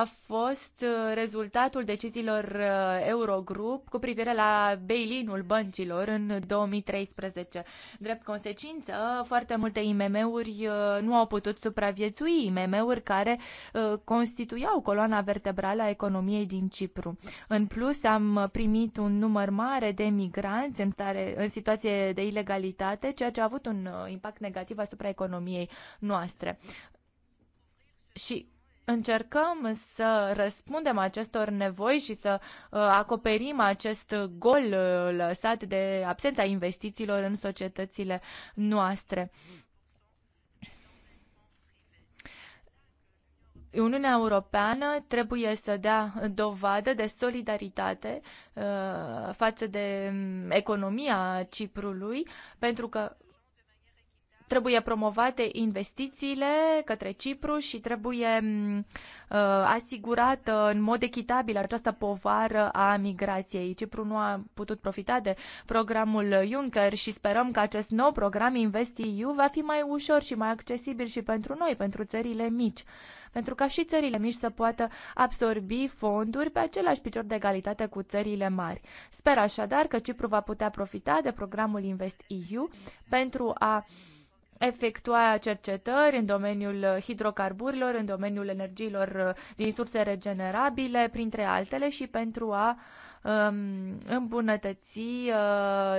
a fost uh, rezultatul deciziilor uh, Eurogrup cu privire la bail-in-ul băncilor în 2013. Drept consecință, foarte multe IMM-uri nu au putut supraviețui, IMM-uri care constituiau coloana vertebrală a economiei din Cipru. În plus, am primit un număr mare de migranți în, stare, în situație de ilegalitate, ceea ce a avut un impact negativ asupra economiei noastre. Și încercăm să răspundem acestor nevoi și să uh, acoperim acest gol uh, lăsat de absența investițiilor în societățile noastre. Uniunea Europeană trebuie să dea dovadă de solidaritate uh, față de mm, economia Ciprului, pentru că Trebuie promovate investițiile către Cipru și trebuie mm, uh, asigurată în mod echitabil această povară a migrației. Cipru nu a putut profita de programul Juncker și sperăm că acest nou program InvestEU va fi mai ușor și mai accesibil și pentru noi, pentru țările mici pentru ca și țările mici să poată absorbi fonduri pe același picior de egalitate cu țările mari. Sper așadar că Cipru va putea profita de programul InvestEU pentru a uh, efectua cercetări în domeniul uh, hidrocarburilor, în domeniul energiilor uh, din surse regenerabile, printre altele, și pentru a Um, îmbunătăți uh,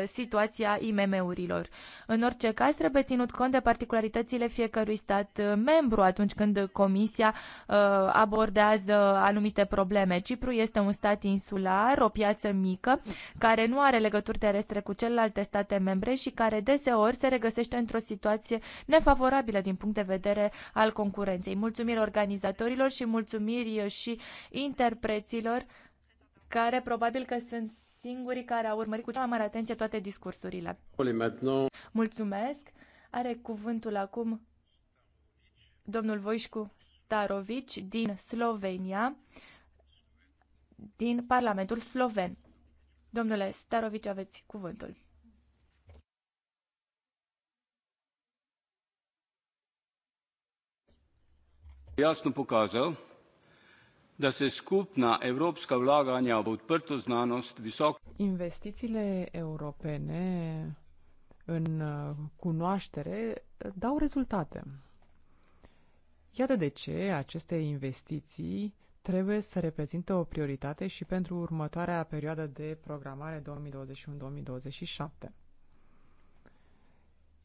situația IMM-urilor. În orice caz, trebuie ținut cont de particularitățile fiecărui stat uh, membru atunci când Comisia uh, abordează anumite probleme. Cipru este un stat insular, o piață mică, care nu are legături terestre cu celelalte state membre și care deseori se regăsește într-o situație nefavorabilă din punct de vedere al concurenței. Mulțumiri organizatorilor și mulțumiri și interpreților care probabil că sunt singurii care au urmărit cu cea mai mare atenție toate discursurile. Mulțumesc! Are cuvântul acum domnul Voișcu Starovici din Slovenia, din Parlamentul Sloven. Domnule Starovici, aveți cuvântul. Jasno pokazal, da se skupna evropska vlaganja v odprto znanost visoko. Investițiile europene în uh, cunoaștere uh, dau rezultate. Iată de ce aceste investiții trebuie să reprezintă o prioritate și pentru următoarea perioadă de programare 2021-2027.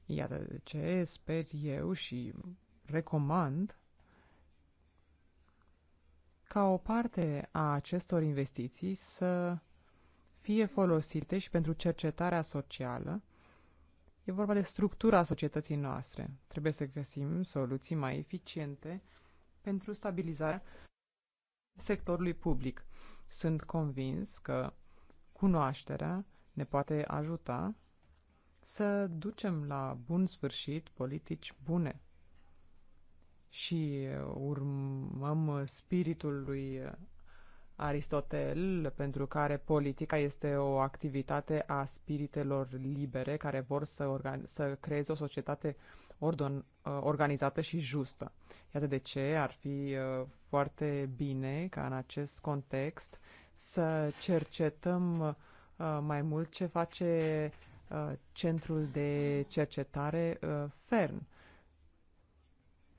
Iată de ce sper eu și recomand ca o parte a acestor investiții să fie folosite și pentru cercetarea socială. E vorba de structura societății noastre. Trebuie să găsim soluții mai eficiente pentru stabilizarea sectorului public. Sunt convins că cunoașterea ne poate ajuta să ducem la bun sfârșit politici bune și uh, urmăm uh, spiritul lui uh, Aristotel, pentru care politica este o activitate a spiritelor libere care vor să, organi- să creeze o societate ordon- organizată și justă. Iată de ce ar fi foarte bine ca în acest context să cercetăm mai mult ce face centrul de cercetare FERN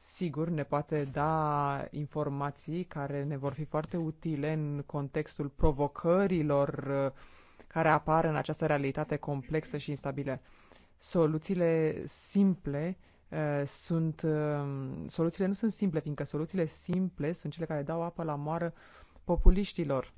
sigur, ne poate da informații care ne vor fi foarte utile în contextul provocărilor uh, care apar în această realitate complexă și instabilă. Soluțiile simple uh, sunt. Uh, soluțiile nu sunt simple, fiindcă soluțiile simple sunt cele care dau apă la moară populiștilor.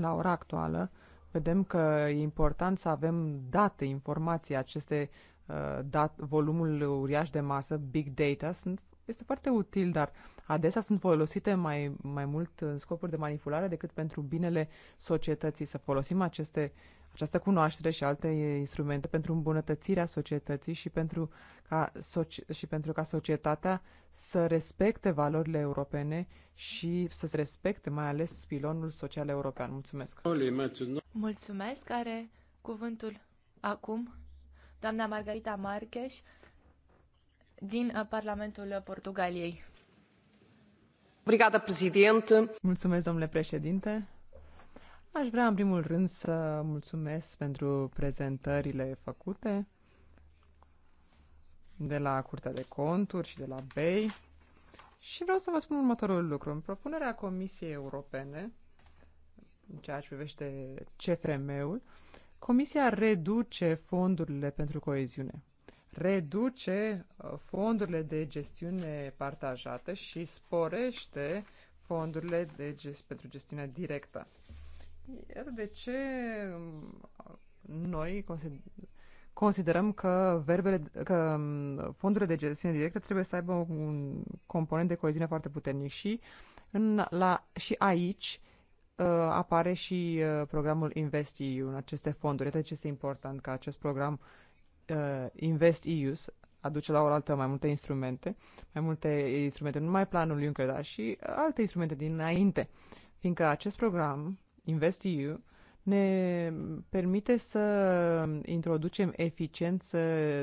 La ora actuală, vedem că e important să avem date, informații. Aceste Uh, dat, volumul uriaș de masă, big data, sunt, este foarte util, dar adesea sunt folosite mai, mai mult în scopuri de manipulare decât pentru binele societății. Să folosim aceste, această cunoaștere și alte instrumente pentru îmbunătățirea societății și pentru ca, soci, și pentru ca societatea să respecte valorile europene și să se respecte mai ales pilonul social european. Mulțumesc! Mulțumesc! Are cuvântul acum doamna Margarita Marques din uh, Parlamentul Portugaliei. Obrigada, președinte. Mulțumesc, domnule președinte. Aș vrea, în primul rând, să mulțumesc pentru prezentările făcute de la Curtea de Conturi și de la BEI. Și vreau să vă spun următorul lucru. În propunerea Comisiei Europene, în ceea ce privește CFM-ul, Comisia reduce fondurile pentru coeziune. Reduce uh, fondurile de gestiune partajată și sporește fondurile de gest- pentru gestiunea directă. Iată de ce um, noi considerăm că, verbele, că um, fondurile de gestiune directă trebuie să aibă un component de coeziune foarte puternic și, în, la, și aici Uh, apare și uh, programul InvestEU în aceste fonduri. Iată ce este important ca acest program uh, InvestEU aduce la oaltă mai multe instrumente, mai multe instrumente, nu numai planul Juncker, dar și alte instrumente dinainte. Fiindcă acest program, InvestEU, ne permite să introducem eficiență,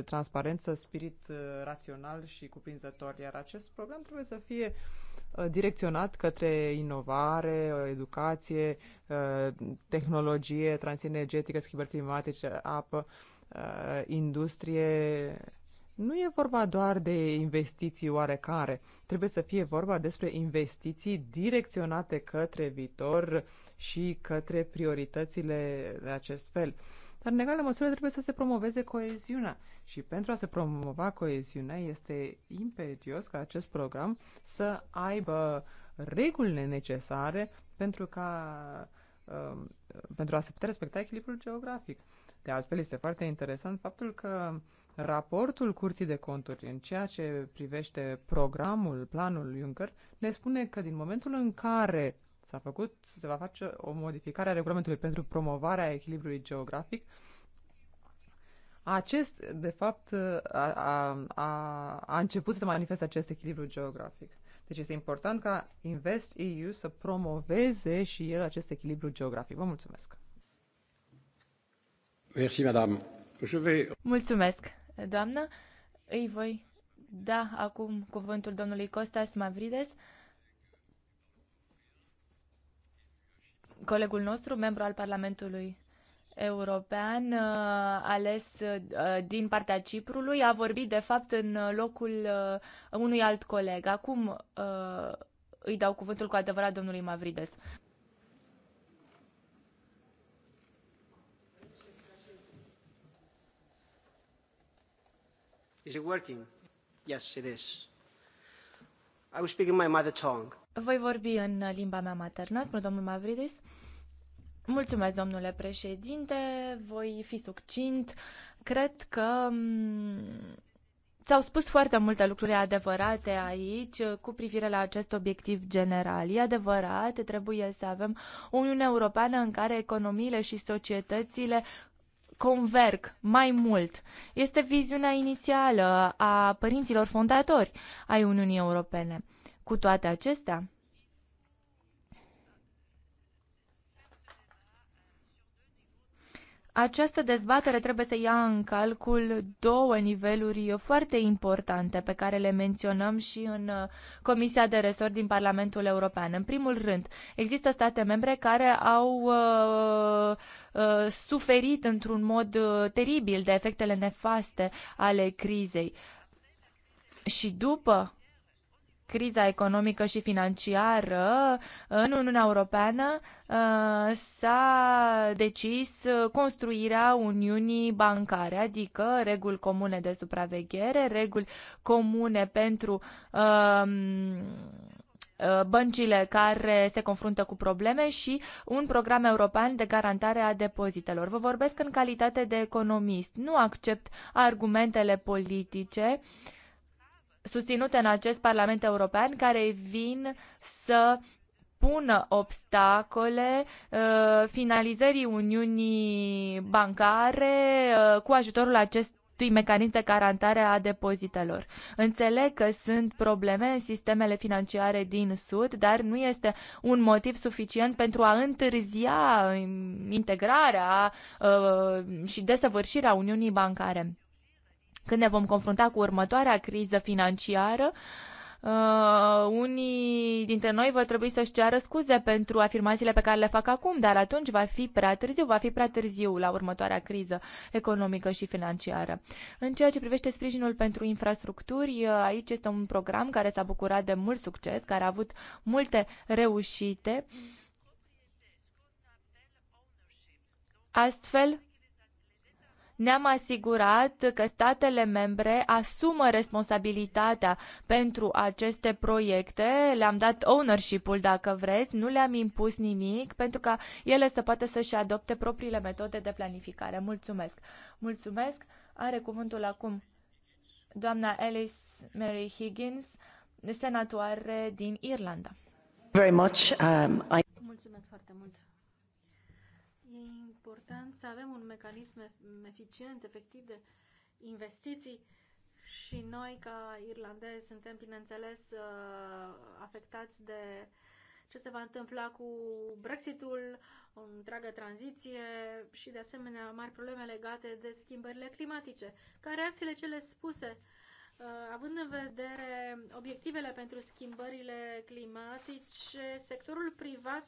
transparență, spirit rațional și cuprinzător, iar acest program trebuie să fie Uh, direcționat către inovare, uh, educație, uh, tehnologie, energetică, schimbări climatice, apă, industrie. Nu e vorba doar de investiții oarecare. Trebuie să fie vorba despre investiții direcționate către viitor și către prioritățile de acest fel dar în egală măsură trebuie să se promoveze coeziunea. Și pentru a se promova coeziunea este imperios ca acest program să aibă regulile necesare pentru ca um, pentru a se putea respecta echilibrul geografic. De altfel, este foarte interesant faptul că raportul Curții de Conturi în ceea ce privește programul, planul Juncker, ne spune că din momentul în care S-a făcut, se va face o modificare a regulamentului pentru promovarea echilibrului geografic. Acest, de fapt, a, a, a, a început să manifeste acest echilibru geografic. Deci este important ca Invest EU să promoveze și el acest echilibru geografic. Vă mulțumesc! Merci, madame. Je vais... Mulțumesc, doamnă. Îi voi da acum cuvântul domnului Costas Mavrides colegul nostru, membru al Parlamentului European, uh, ales uh, din partea Ciprului, a vorbit de fapt în locul uh, unui alt coleg. Acum îi dau cuvântul cu adevărat domnului Mavrides. Is it working? Yes, it is. I will speak in my mother tongue. Voi vorbi în limba mea maternă, domnul Mavridis. Mulțumesc, domnule președinte, voi fi succint. Cred că mm, S-au spus foarte multe lucruri adevărate aici cu privire la acest obiectiv general. E adevărat, trebuie să avem o Uniune Europeană în care economiile și societățile converg mai mult. Este viziunea inițială a părinților fondatori ai Uniunii Europene. Cu toate acestea, Această dezbatere trebuie să ia în calcul două niveluri foarte importante pe care le menționăm și în uh, Comisia de Resort din Parlamentul European. În primul rând, există state membre care au uh, uh, suferit într-un mod uh, teribil de efectele nefaste ale crizei. Și după criza economică și financiară în Uniunea Europeană uh, s-a decis construirea Uniunii Bancare, adică reguli comune de supraveghere, reguli comune pentru um, uh, băncile care se confruntă cu probleme și un program european de garantare a depozitelor. Vă vorbesc în calitate de economist. Nu accept argumentele politice uh, susținute în acest Parlament European care vin să pună obstacole uh, finalizării Uniunii Bancare uh, cu ajutorul acestui mecanism de garantare a depozitelor. Înțeleg că sunt probleme în sistemele financiare din Sud, dar nu este un motiv suficient pentru a întârzia integrarea uh, și desăvârșirea Uniunii Bancare. Când ne vom confrunta cu următoarea criză financiară, Uh, unii dintre noi vor trebui să-și ceară scuze pentru afirmațiile pe care le fac acum, dar atunci va fi prea târziu, va fi prea târziu la următoarea criză economică și financiară. În ceea ce privește sprijinul pentru infrastructuri, uh, aici este un program care s-a bucurat de mult succes, care a avut multe reușite. Astfel, ne-am asigurat că statele membre asumă responsabilitatea pentru aceste proiecte, le-am dat ownership-ul dacă vreți, nu le-am impus nimic pentru ca ele să poată să-și adopte propriile metode de planificare. Mulțumesc! Mulțumesc! Are cuvântul acum doamna Alice Mary Higgins, senatoare din Irlanda. Very much, um, I... Mulțumesc foarte mult! E important să avem un mecanism eficient, efectiv de investiții și noi ca irlandezi suntem, bineînțeles, ă, afectați de ce se va întâmpla cu Brexitul, o întreagă tranziție și, de asemenea, mari probleme legate de schimbările climatice. Ca reacțiile cele spuse, ă, având în vedere obiectivele pentru schimbările climatice, sectorul privat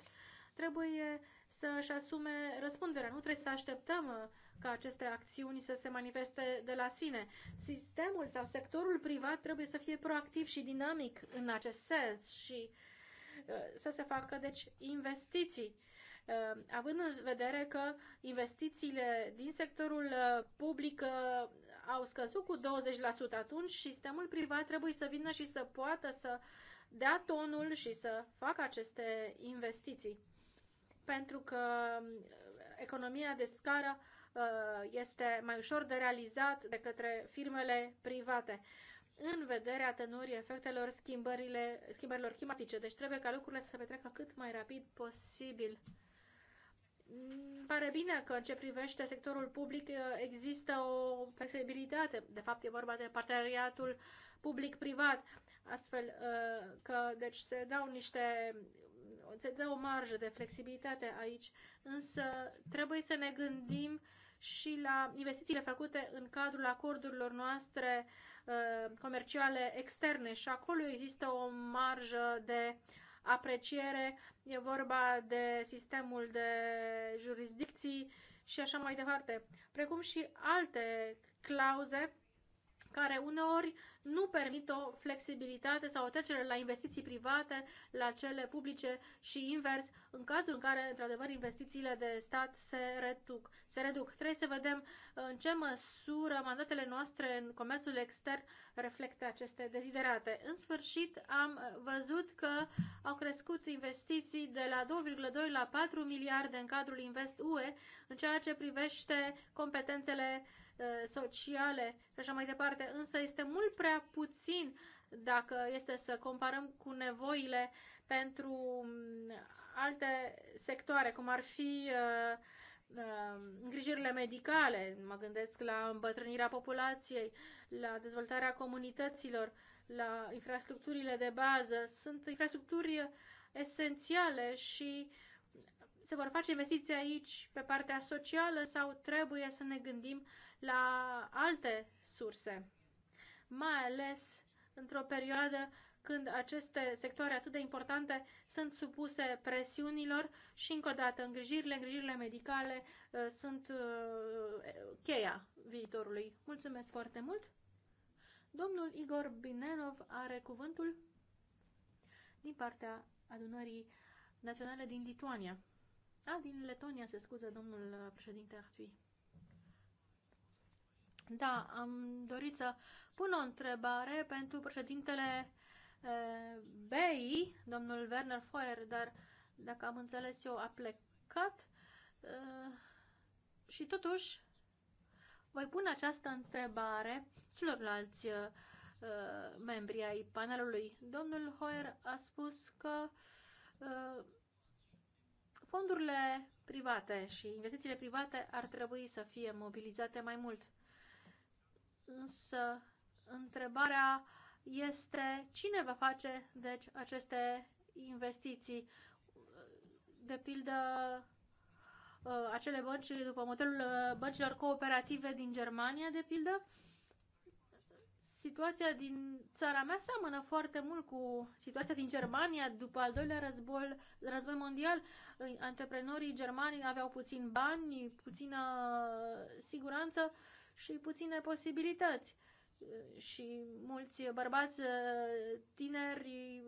trebuie să-și asume răspunderea. Nu trebuie să așteptăm uh, ca aceste acțiuni să se manifeste de la sine. Sistemul sau sectorul privat trebuie să fie proactiv și dinamic în acest sens și uh, să se facă, deci, investiții. Uh, având în vedere că investițiile din sectorul public au scăzut cu 20%, atunci sistemul privat trebuie să vină și să poată să dea tonul și să facă aceste investiții pentru că um, economia de scară uh, este mai ușor de realizat de către firmele private în vederea tenurii efectelor schimbările, schimbărilor climatice. Deci trebuie ca lucrurile să se petreacă cât mai rapid posibil. Mm, pare bine că în ce privește sectorul public uh, există o flexibilitate. De fapt, e vorba de parteneriatul public-privat, astfel uh, că deci se dau niște se dă o marjă de flexibilitate aici, însă trebuie să ne gândim și la investițiile făcute în cadrul acordurilor noastre uh, comerciale externe și acolo există o marjă de apreciere, e vorba de sistemul de jurisdicții și așa mai departe, precum și alte clauze care uneori nu permit o flexibilitate sau o trecere la investiții private, la cele publice și invers, în cazul în care, într-adevăr, investițiile de stat se reduc. Se reduc. Trebuie să vedem uh, în ce măsură mandatele noastre în comerțul extern reflectă aceste deziderate. În sfârșit, am uh, văzut că au crescut investiții de la 2,2 la 4 miliarde în cadrul Invest UE în ceea ce privește competențele Ă, sociale și așa mai departe, însă este mult prea puțin dacă este să comparăm cu nevoile pentru mm, alte sectoare, cum ar fi ă, ă, îngrijirile medicale, mă gândesc la îmbătrânirea populației, la dezvoltarea comunităților, la infrastructurile de bază. Sunt infrastructuri esențiale și se vor face investiții aici pe partea socială sau trebuie să ne gândim la alte surse, mai ales într-o perioadă când aceste sectoare atât de importante sunt supuse presiunilor și, încă o dată, îngrijirile, îngrijirile medicale uh, sunt uh, cheia viitorului. Mulțumesc foarte mult! Domnul Igor Binenov are cuvântul din partea adunării naționale din Lituania. A, din Letonia, se scuză domnul uh, președinte Artui. Da, am dorit să pun o întrebare pentru președintele BEI, domnul Werner Foer, dar dacă am înțeles eu, a plecat și totuși voi pune această întrebare celorlalți membri ai panelului. Domnul Hoyer a spus că fondurile private și investițiile private ar trebui să fie mobilizate mai mult. Însă, întrebarea este cine va face deci, aceste investiții. De pildă, uh, acele bănci, după modelul uh, băncilor cooperative din Germania, de pildă, situația din țara mea seamănă foarte mult cu situația din Germania după al doilea război, război mondial. Antreprenorii germani aveau puțin bani, puțină uh, siguranță și puține posibilități. Și mulți bărbați tineri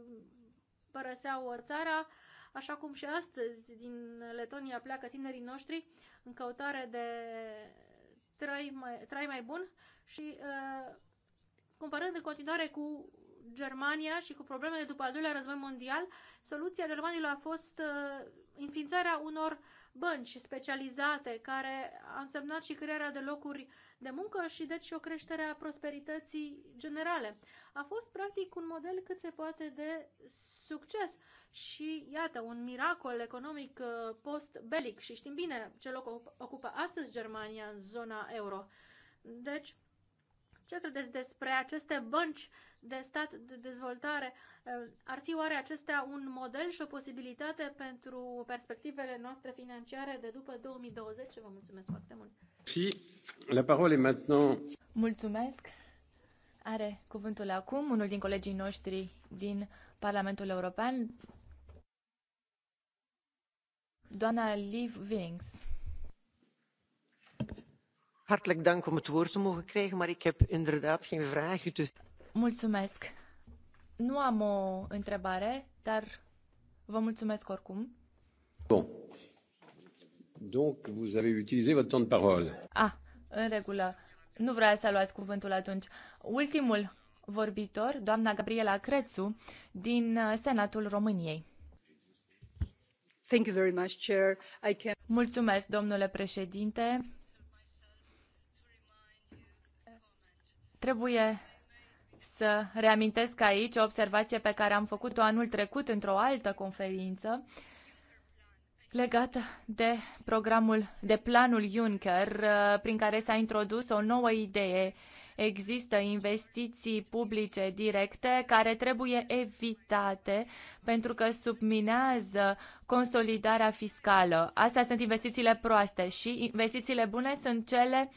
părăseau țara, așa cum și astăzi din Letonia pleacă tinerii noștri în căutare de trai mai, trai mai bun și uh, comparând în continuare cu Germania și cu problemele după al doilea război mondial, soluția germanilor a fost uh, înființarea unor uh, bănci specializate, care a însemnat și crearea de locuri de muncă și deci o creștere a prosperității generale. A fost practic un model cât se poate de succes și iată un miracol economic uh, post-belic și știm bine ce loc ocupă astăzi Germania în zona euro. Deci, ce credeți despre aceste bănci de stat de dezvoltare? Eh, ar fi oare acestea un model și o posibilitate pentru perspectivele noastre financiare de după 2020? Vă mulțumesc foarte mult! Și la parole maintenant. Mulțumesc! Are cuvântul acum unul din colegii noștri din Parlamentul European, doamna Liv Vinks. Hartelijk dank om het woord te mogen krijgen, maar ik heb inderdaad geen vragen. Dus... Mulțumesc. Nu am o întrebare, dar vă mulțumesc oricum. Bun. Donc, vous avez utilisé votre temps de parole. Ah, în regulă. Nu vreau să luați cuvântul atunci. Ultimul vorbitor, doamna Gabriela Crețu, din uh, Senatul României. Thank you very much, Chair. I can... Mulțumesc, domnule președinte. Trebuie să reamintesc aici o observație pe care am făcut-o anul trecut într-o altă conferință legată de programul, de planul Juncker, uh, prin care s-a introdus o nouă idee există investiții publice directe care trebuie evitate pentru că subminează consolidarea fiscală. Astea sunt investițiile proaste și investițiile bune sunt cele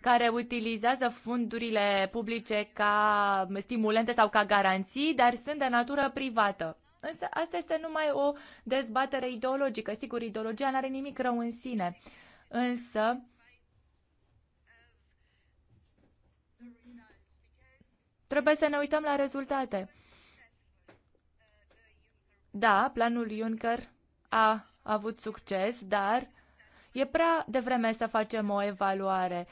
care utilizează fundurile publice ca stimulente sau ca garanții, dar sunt de natură privată. Însă asta este numai o dezbatere ideologică. Sigur, ideologia nu are nimic rău în sine. Însă, Trebuie să ne uităm la rezultate. Da, planul Juncker a avut succes, dar e prea devreme să facem o evaluare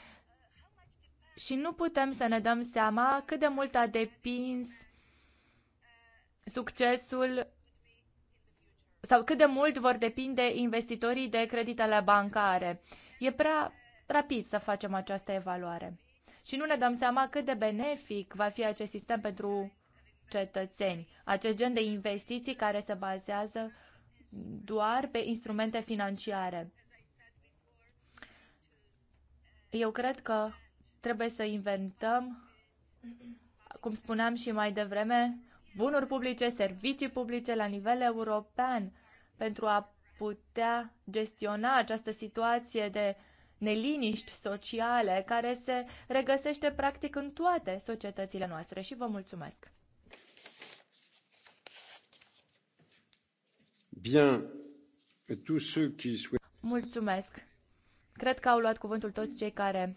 și nu putem să ne dăm seama cât de mult a depins succesul sau cât de mult vor depinde investitorii de creditele bancare. E prea rapid să facem această evaluare și nu ne dăm seama cât de benefic va fi acest sistem pentru cetățeni. Acest gen de investiții care se bazează doar pe instrumente financiare. Eu cred că trebuie să inventăm, cum spuneam și mai devreme, bunuri publice, servicii publice la nivel european pentru a putea gestiona această situație de neliniști sociale care se regăsește practic în toate societățile noastre și vă mulțumesc. Bien. Tous ceux qui Mulțumesc. Cred că au luat cuvântul toți cei care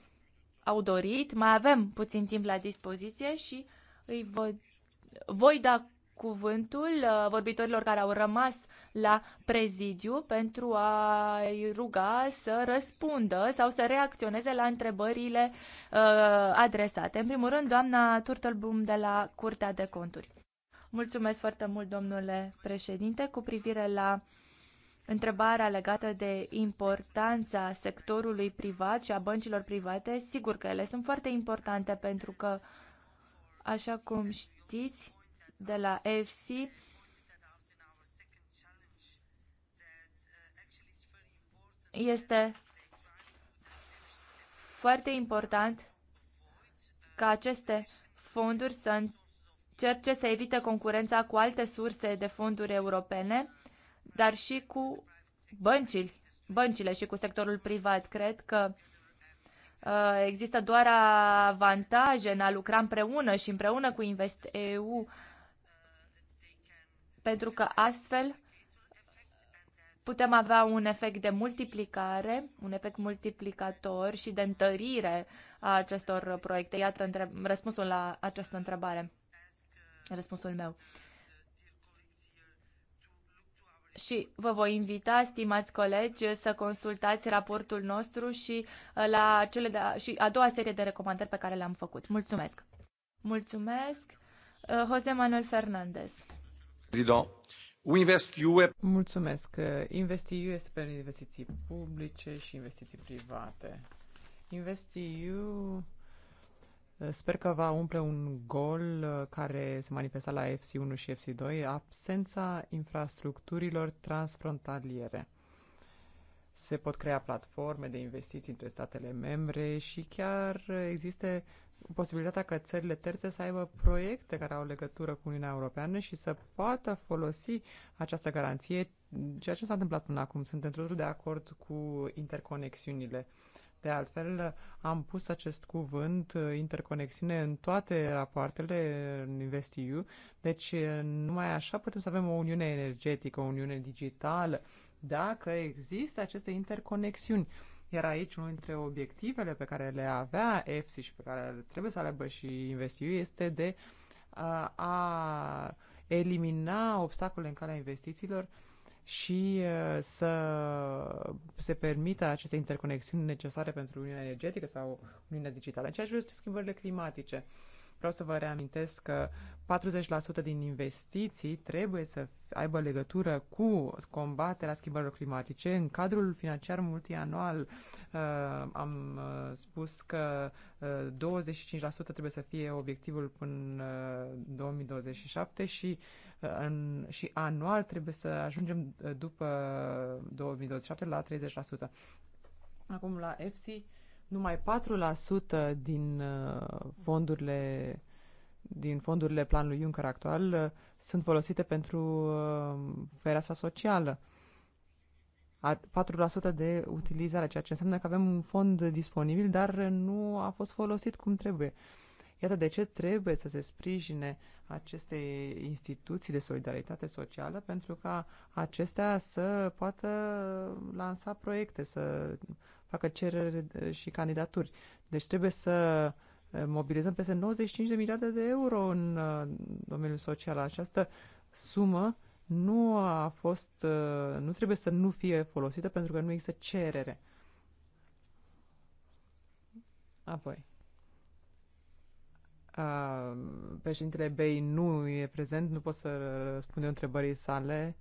au dorit. Mai avem puțin timp la dispoziție și îi voi, voi da cuvântul uh, vorbitorilor care au rămas la prezidiu pentru a-i ruga să răspundă sau să reacționeze la întrebările uh, adresate. În primul rând, doamna Turtelbum de la Curtea de Conturi. Mulțumesc foarte mult, domnule președinte, cu privire la Întrebarea legată de importanța sectorului privat și a băncilor private, sigur că ele sunt foarte importante pentru că, așa cum știți, de la EFSI Este foarte important ca aceste fonduri să încerce să evite concurența cu alte surse de fonduri europene, dar și cu băncile, băncile și cu sectorul privat. Cred că uh, există doar avantaje în a lucra împreună și împreună cu InvestEU, pentru că astfel putem avea un efect de multiplicare, un efect multiplicator și de întărire a acestor proiecte? Iată între... răspunsul la această întrebare, răspunsul meu. Și vă voi invita, stimați colegi, să consultați raportul nostru și, uh, la cele de, și a doua serie de recomandări pe care le-am făcut. Mulțumesc! Mulțumesc! Uh, José Manuel Fernández. Président. Mulțumesc. InvestEU este pe investiții publice și investiții private. InvestEU sper că va umple un gol uh, care se manifesta la FC1 și FC2, absența infrastructurilor transfrontaliere. Se pot crea platforme de investiții între statele membre și chiar există posibilitatea ca țările terțe să aibă proiecte care au legătură cu Uniunea Europeană și să poată folosi această garanție, ceea ce s-a întâmplat până acum. Sunt într de acord cu interconexiunile. De altfel, am pus acest cuvânt uh, interconexiune în toate rapoartele în InvestEU, deci uh, numai așa putem să avem o uniune energetică, o uniune digitală, dacă există aceste interconexiuni. Iar aici, unul dintre obiectivele pe care le avea EFSI și pe care trebuie să le aibă și investiu este de a, a elimina obstacole în calea investițiilor și să se permită aceste interconexiuni necesare pentru Uniunea Energetică sau Uniunea Digitală. În ceea ce privește schimbările climatice, uh, Vreau să vă reamintesc că 40% din investiții trebuie să aibă legătură cu combaterea schimbărilor climatice. În cadrul financiar multianual uh, am uh, spus că 25% uh, trebuie să fie obiectivul până 2027 și, în, și anual trebuie să ajungem după 2027 la 30%. Acum la EFSI numai 4% din uh, fondurile din fondurile planului Juncker actual uh, sunt folosite pentru uh, fereastra socială. 4% de utilizare, ceea ce înseamnă că avem un fond disponibil, dar nu a fost folosit cum trebuie. Iată de ce trebuie să se sprijine aceste instituții de solidaritate socială pentru ca acestea să poată lansa proiecte, să facă cereri și candidaturi. Deci trebuie să eh, mobilizăm peste 95 de miliarde de euro în eh, domeniul social. Această sumă nu a fost, eh, nu trebuie să nu fie folosită pentru că nu există cerere. Apoi. Uh, președintele Bei nu e prezent, nu pot să răspund eu întrebării sale,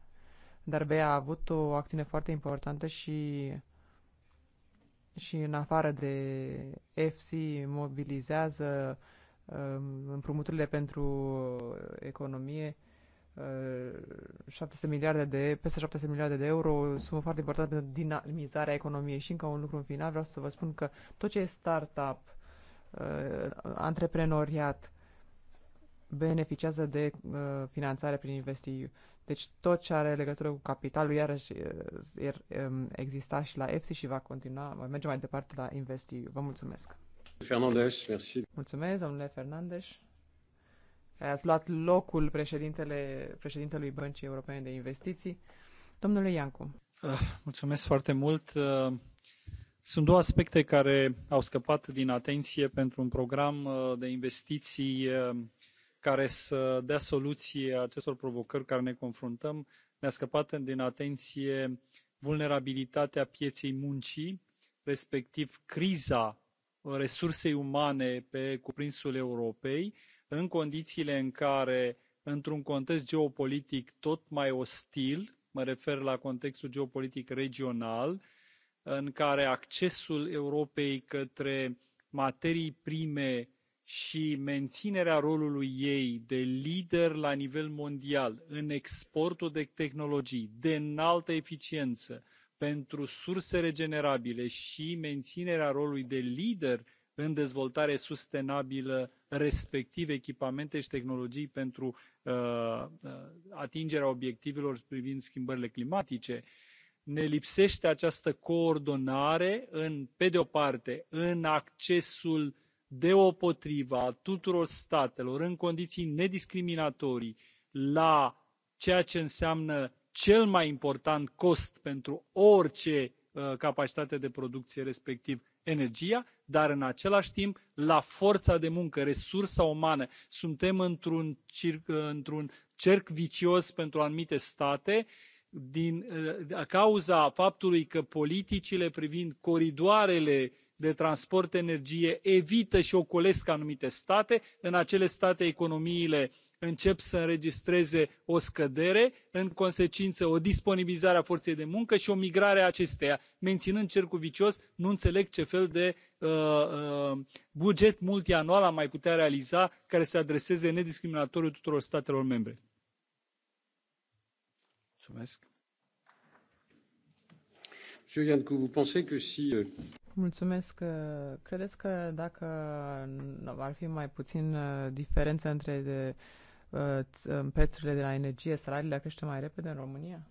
dar Bei a avut o acțiune foarte importantă și și în afară de FC mobilizează um, împrumuturile pentru economie 700 uh, miliarde de, peste 700 miliarde de euro, sumă foarte importantă pentru dinamizarea economiei. Și încă un lucru în final, vreau să vă spun că tot ce e startup, uh, antreprenoriat, beneficiază de uh, finanțare prin investiții. Deci tot ce are legătură cu capitalul, iarăși iar, er, exista și la EFSI și va continua, va merge mai departe la InvestEU. Vă mulțumesc! Fernandez, merci. Mulțumesc, domnule Fernandez. Ați luat locul președintele, președintelui Băncii Europene de Investiții. Domnule Iancu. Ah, mulțumesc foarte mult. Uh, sunt două aspecte care au scăpat din atenție pentru un program uh, de investiții uh, care să dea soluții acestor provocări cu care ne confruntăm. Ne-a scăpat din atenție vulnerabilitatea pieței muncii, respectiv criza resursei umane pe cuprinsul Europei, în condițiile în care, într-un context geopolitic tot mai ostil, mă refer la contextul geopolitic regional, în care accesul Europei către materii prime și menținerea rolului ei de lider la nivel mondial în exportul de tehnologii de înaltă eficiență pentru surse regenerabile și menținerea rolului de lider în dezvoltare sustenabilă, respectiv echipamente și tehnologii pentru uh, uh atingerea obiectivelor privind schimbările climatice, ne lipsește această coordonare în, pe de o parte, în accesul deopotrivă a tuturor statelor în condiții nediscriminatorii la ceea ce înseamnă cel mai important cost pentru orice uh, capacitate de producție, respectiv energia, dar în același timp la forța de muncă, resursa umană. Suntem într-un, uh, într-un cerc vicios pentru anumite state din uh, cauza faptului că politicile privind coridoarele de transport, energie evită și ocolesc anumite state. În acele state economiile încep să înregistreze o scădere, în consecință o disponibilizare a forței de muncă și o migrare a acesteia. Menținând cercul vicios, nu înțeleg ce fel de uh, uh, buget multianual am mai putea realiza care să adreseze nediscriminatoriu tuturor statelor membre. Mulțumesc. Monsieur Yann, vous pensez que si euh, Mulțumesc. Credeți că dacă ar fi mai puțin uh, diferență între de, uh, prețurile de la energie, salariile crește mai repede în România?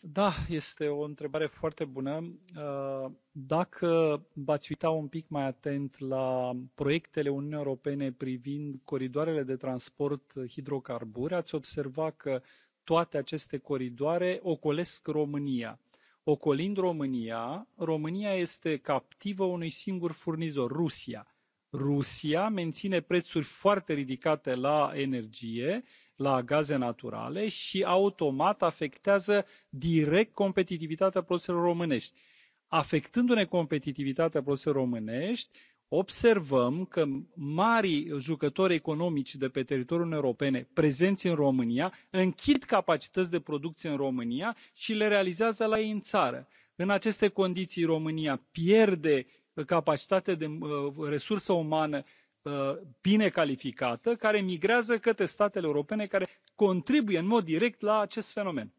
Da, este o întrebare foarte bună. Uh, dacă v-ați uita un pic mai atent la proiectele Uniunii Europene privind coridoarele de transport hidrocarburi, ați observa că toate aceste coridoare ocolesc România Ocolind România, România este captivă unui singur furnizor, Rusia. Rusia menține prețuri foarte ridicate la energie, la gaze naturale și automat afectează direct competitivitatea produselor românești. Afectându-ne competitivitatea produselor românești, observăm că mari jucători economici de pe teritoriul Uniunii Europene prezenți în România închid capacități de producție în România și le realizează la ei în țară. În aceste condiții, România pierde capacitate de uh, resursă umană uh, bine calificată, care migrează către statele europene care contribuie în mod direct la acest fenomen.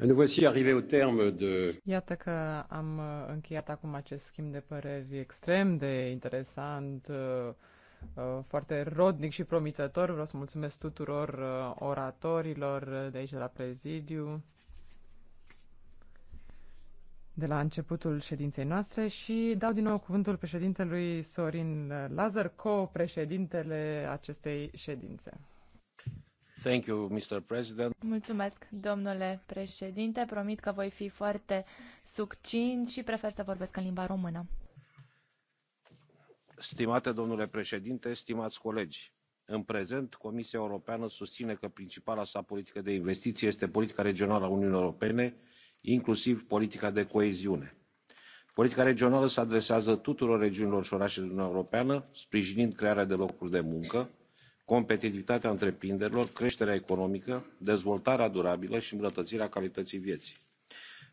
Nous voici arrivés au terme de... Iată că am uh, încheiat acum acest schimb de păreri extrem de interesant, uh, uh, foarte rodnic și promițător. Vreau să mulțumesc tuturor oratorilor de aici, de la prezidiu, de la începutul ședinței noastre și dau din nou cuvântul președintelui Sorin Lazar, co-președintele acestei ședințe. Thank you, Mr. President. Mulțumesc, domnule președinte. Promit că voi fi foarte succint și prefer să vorbesc în limba română. Stimate domnule președinte, stimați colegi, în prezent, Comisia Europeană susține că principala sa politică de investiții este politica regională a Uniunii Europene, inclusiv politica de coeziune. Politica regională se adresează tuturor regiunilor și orașelor din Uniunea Europeană, sprijinind crearea de locuri de muncă, competitivitatea întreprinderilor creșterea economică dezvoltarea durabilă și îmbunătățirea calității vieții.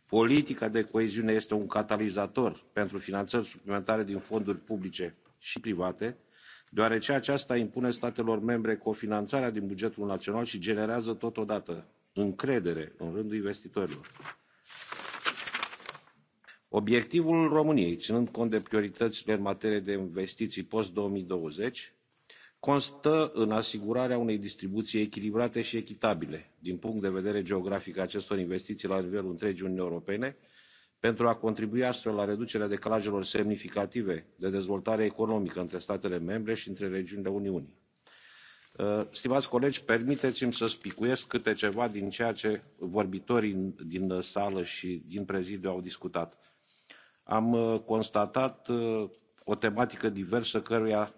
politica de coeziune este un catalizator pentru finanțări suplimentare din fonduri publice și private deoarece aceasta impune statelor membre cofinanțarea din bugetul național și generează totodată încredere în rândul investitorilor. obiectivul româniei ținând cont de prioritățile în materie de investiții post două mii douăzeci constă în asigurarea unei distribuții echilibrate și echitabile din punct de vedere geografic a acestor investiții la nivelul întregii uniuni europene pentru a contribui astfel la reducerea decalajelor semnificative de dezvoltare economică între statele membre și între regiunile uniunii. Uh, stimați colegi, permiteți mi să spicuiesc câte ceva din ceea ce vorbitorii din sală și din prezidiu au discutat. Am uh, constatat uh, o tematică diversă căreia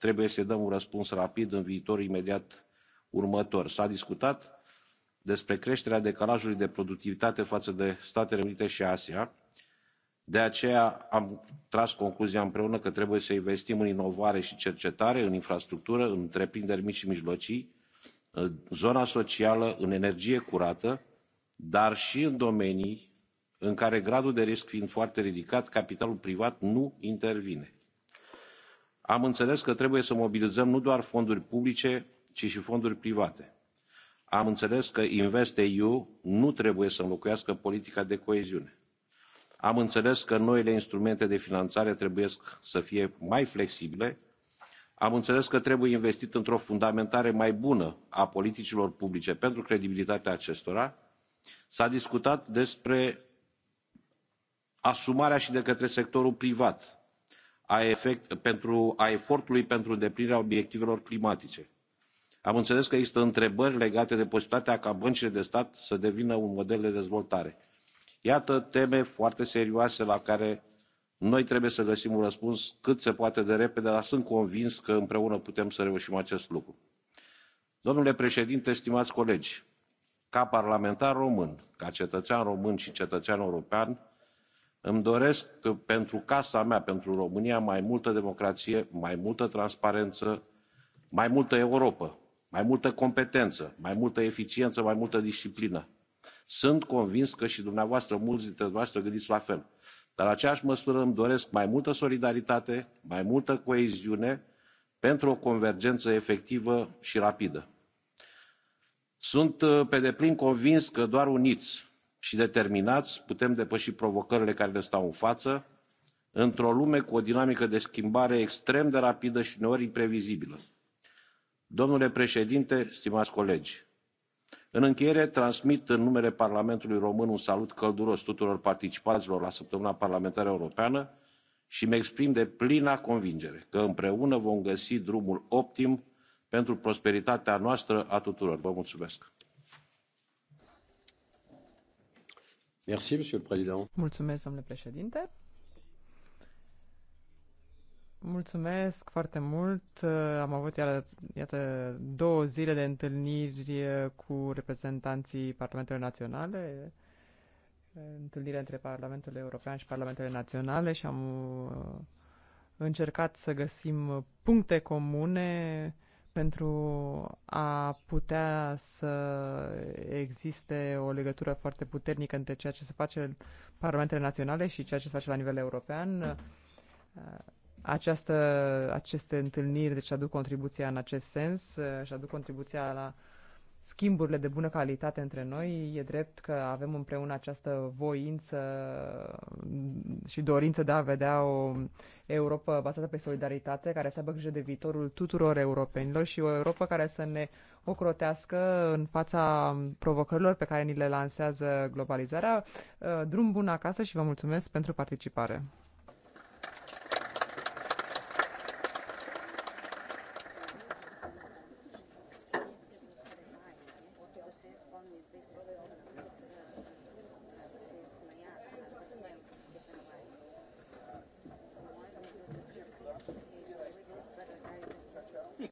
trebuie să dăm un răspuns rapid în viitorul imediat următor. s a discutat despre creșterea decalajului de productivitate față de statele unite și asia de aceea am tras concluzia împreună că trebuie să investim în inovare și cercetare în infrastructură în întreprinderi mici și mijlocii în zona socială în energie curată dar și în domenii în care gradul de risc fiind foarte ridicat capitalul privat nu intervine am înțeles că trebuie să mobilizăm nu doar fonduri publice ci și fonduri private. am înțeles că investeu nu trebuie să înlocuiască politica de coeziune. am înțeles că noile instrumente de finanțare trebuie să fie mai flexibile am înțeles că trebuie investit într o fundamentare mai bună a politicilor publice pentru credibilitatea acestora s a discutat despre asumarea și de către sectorul privat a, efect, pentru, a efortului pentru îndeplinirea obiectivelor climatice. Am înțeles că există întrebări legate de posibilitatea ca băncile de stat să devină un model de dezvoltare. Iată teme foarte serioase la care noi trebuie să găsim un răspuns cât se poate de repede, dar sunt convins că împreună putem să reușim acest lucru. Domnule președinte, stimați colegi, ca parlamentar român, ca cetățean român și cetățean european, îmi doresc uh, pentru casa mea pentru românia mai multă democrație mai multă transparență mai multă europă mai multă competență mai multă eficiență mai multă disciplină. sunt convins că și dumneavoastră mulți dintre dumneavoastră gândiți la fel dar în aceeași măsură îmi doresc mai multă solidaritate mai multă coeziune pentru o convergență efectivă și rapidă. sunt uh, pe deplin convins că doar uniți și determinați putem depăși provocările care ne stau în față într o lume cu o dinamică de schimbare extrem de rapidă și uneori imprevizibilă. domnule președinte stimați colegi în încheiere transmit în numele parlamentului român un salut călduros tuturor participanților la săptămâna parlamentară europeană și îmi exprim deplina convingere că împreună vom găsi drumul optim pentru prosperitatea noastră a tuturor. vă mulțumesc. Merci, Monsieur le Président. Mulțumesc, domnule președinte. Mulțumesc foarte mult. Am avut, iar, iată, două zile de întâlniri cu reprezentanții Parlamentelor Naționale, întâlnire între Parlamentul European și Parlamentele Naționale și am uh, încercat să găsim puncte comune pentru a putea să existe o legătură foarte puternică între ceea ce se face în parlamentele naționale și ceea ce se face la nivel european. Uh, această, aceste întâlniri deci aduc contribuția în acest sens uh, și aduc contribuția la schimburile de bună calitate între noi. E drept că avem împreună această voință și dorință de a vedea o Europa bazată pe solidaritate, care să aibă grijă de viitorul tuturor europenilor și o Europa care să ne ocrotească în fața provocărilor pe care ni le lansează globalizarea. Drum bun acasă și vă mulțumesc pentru participare!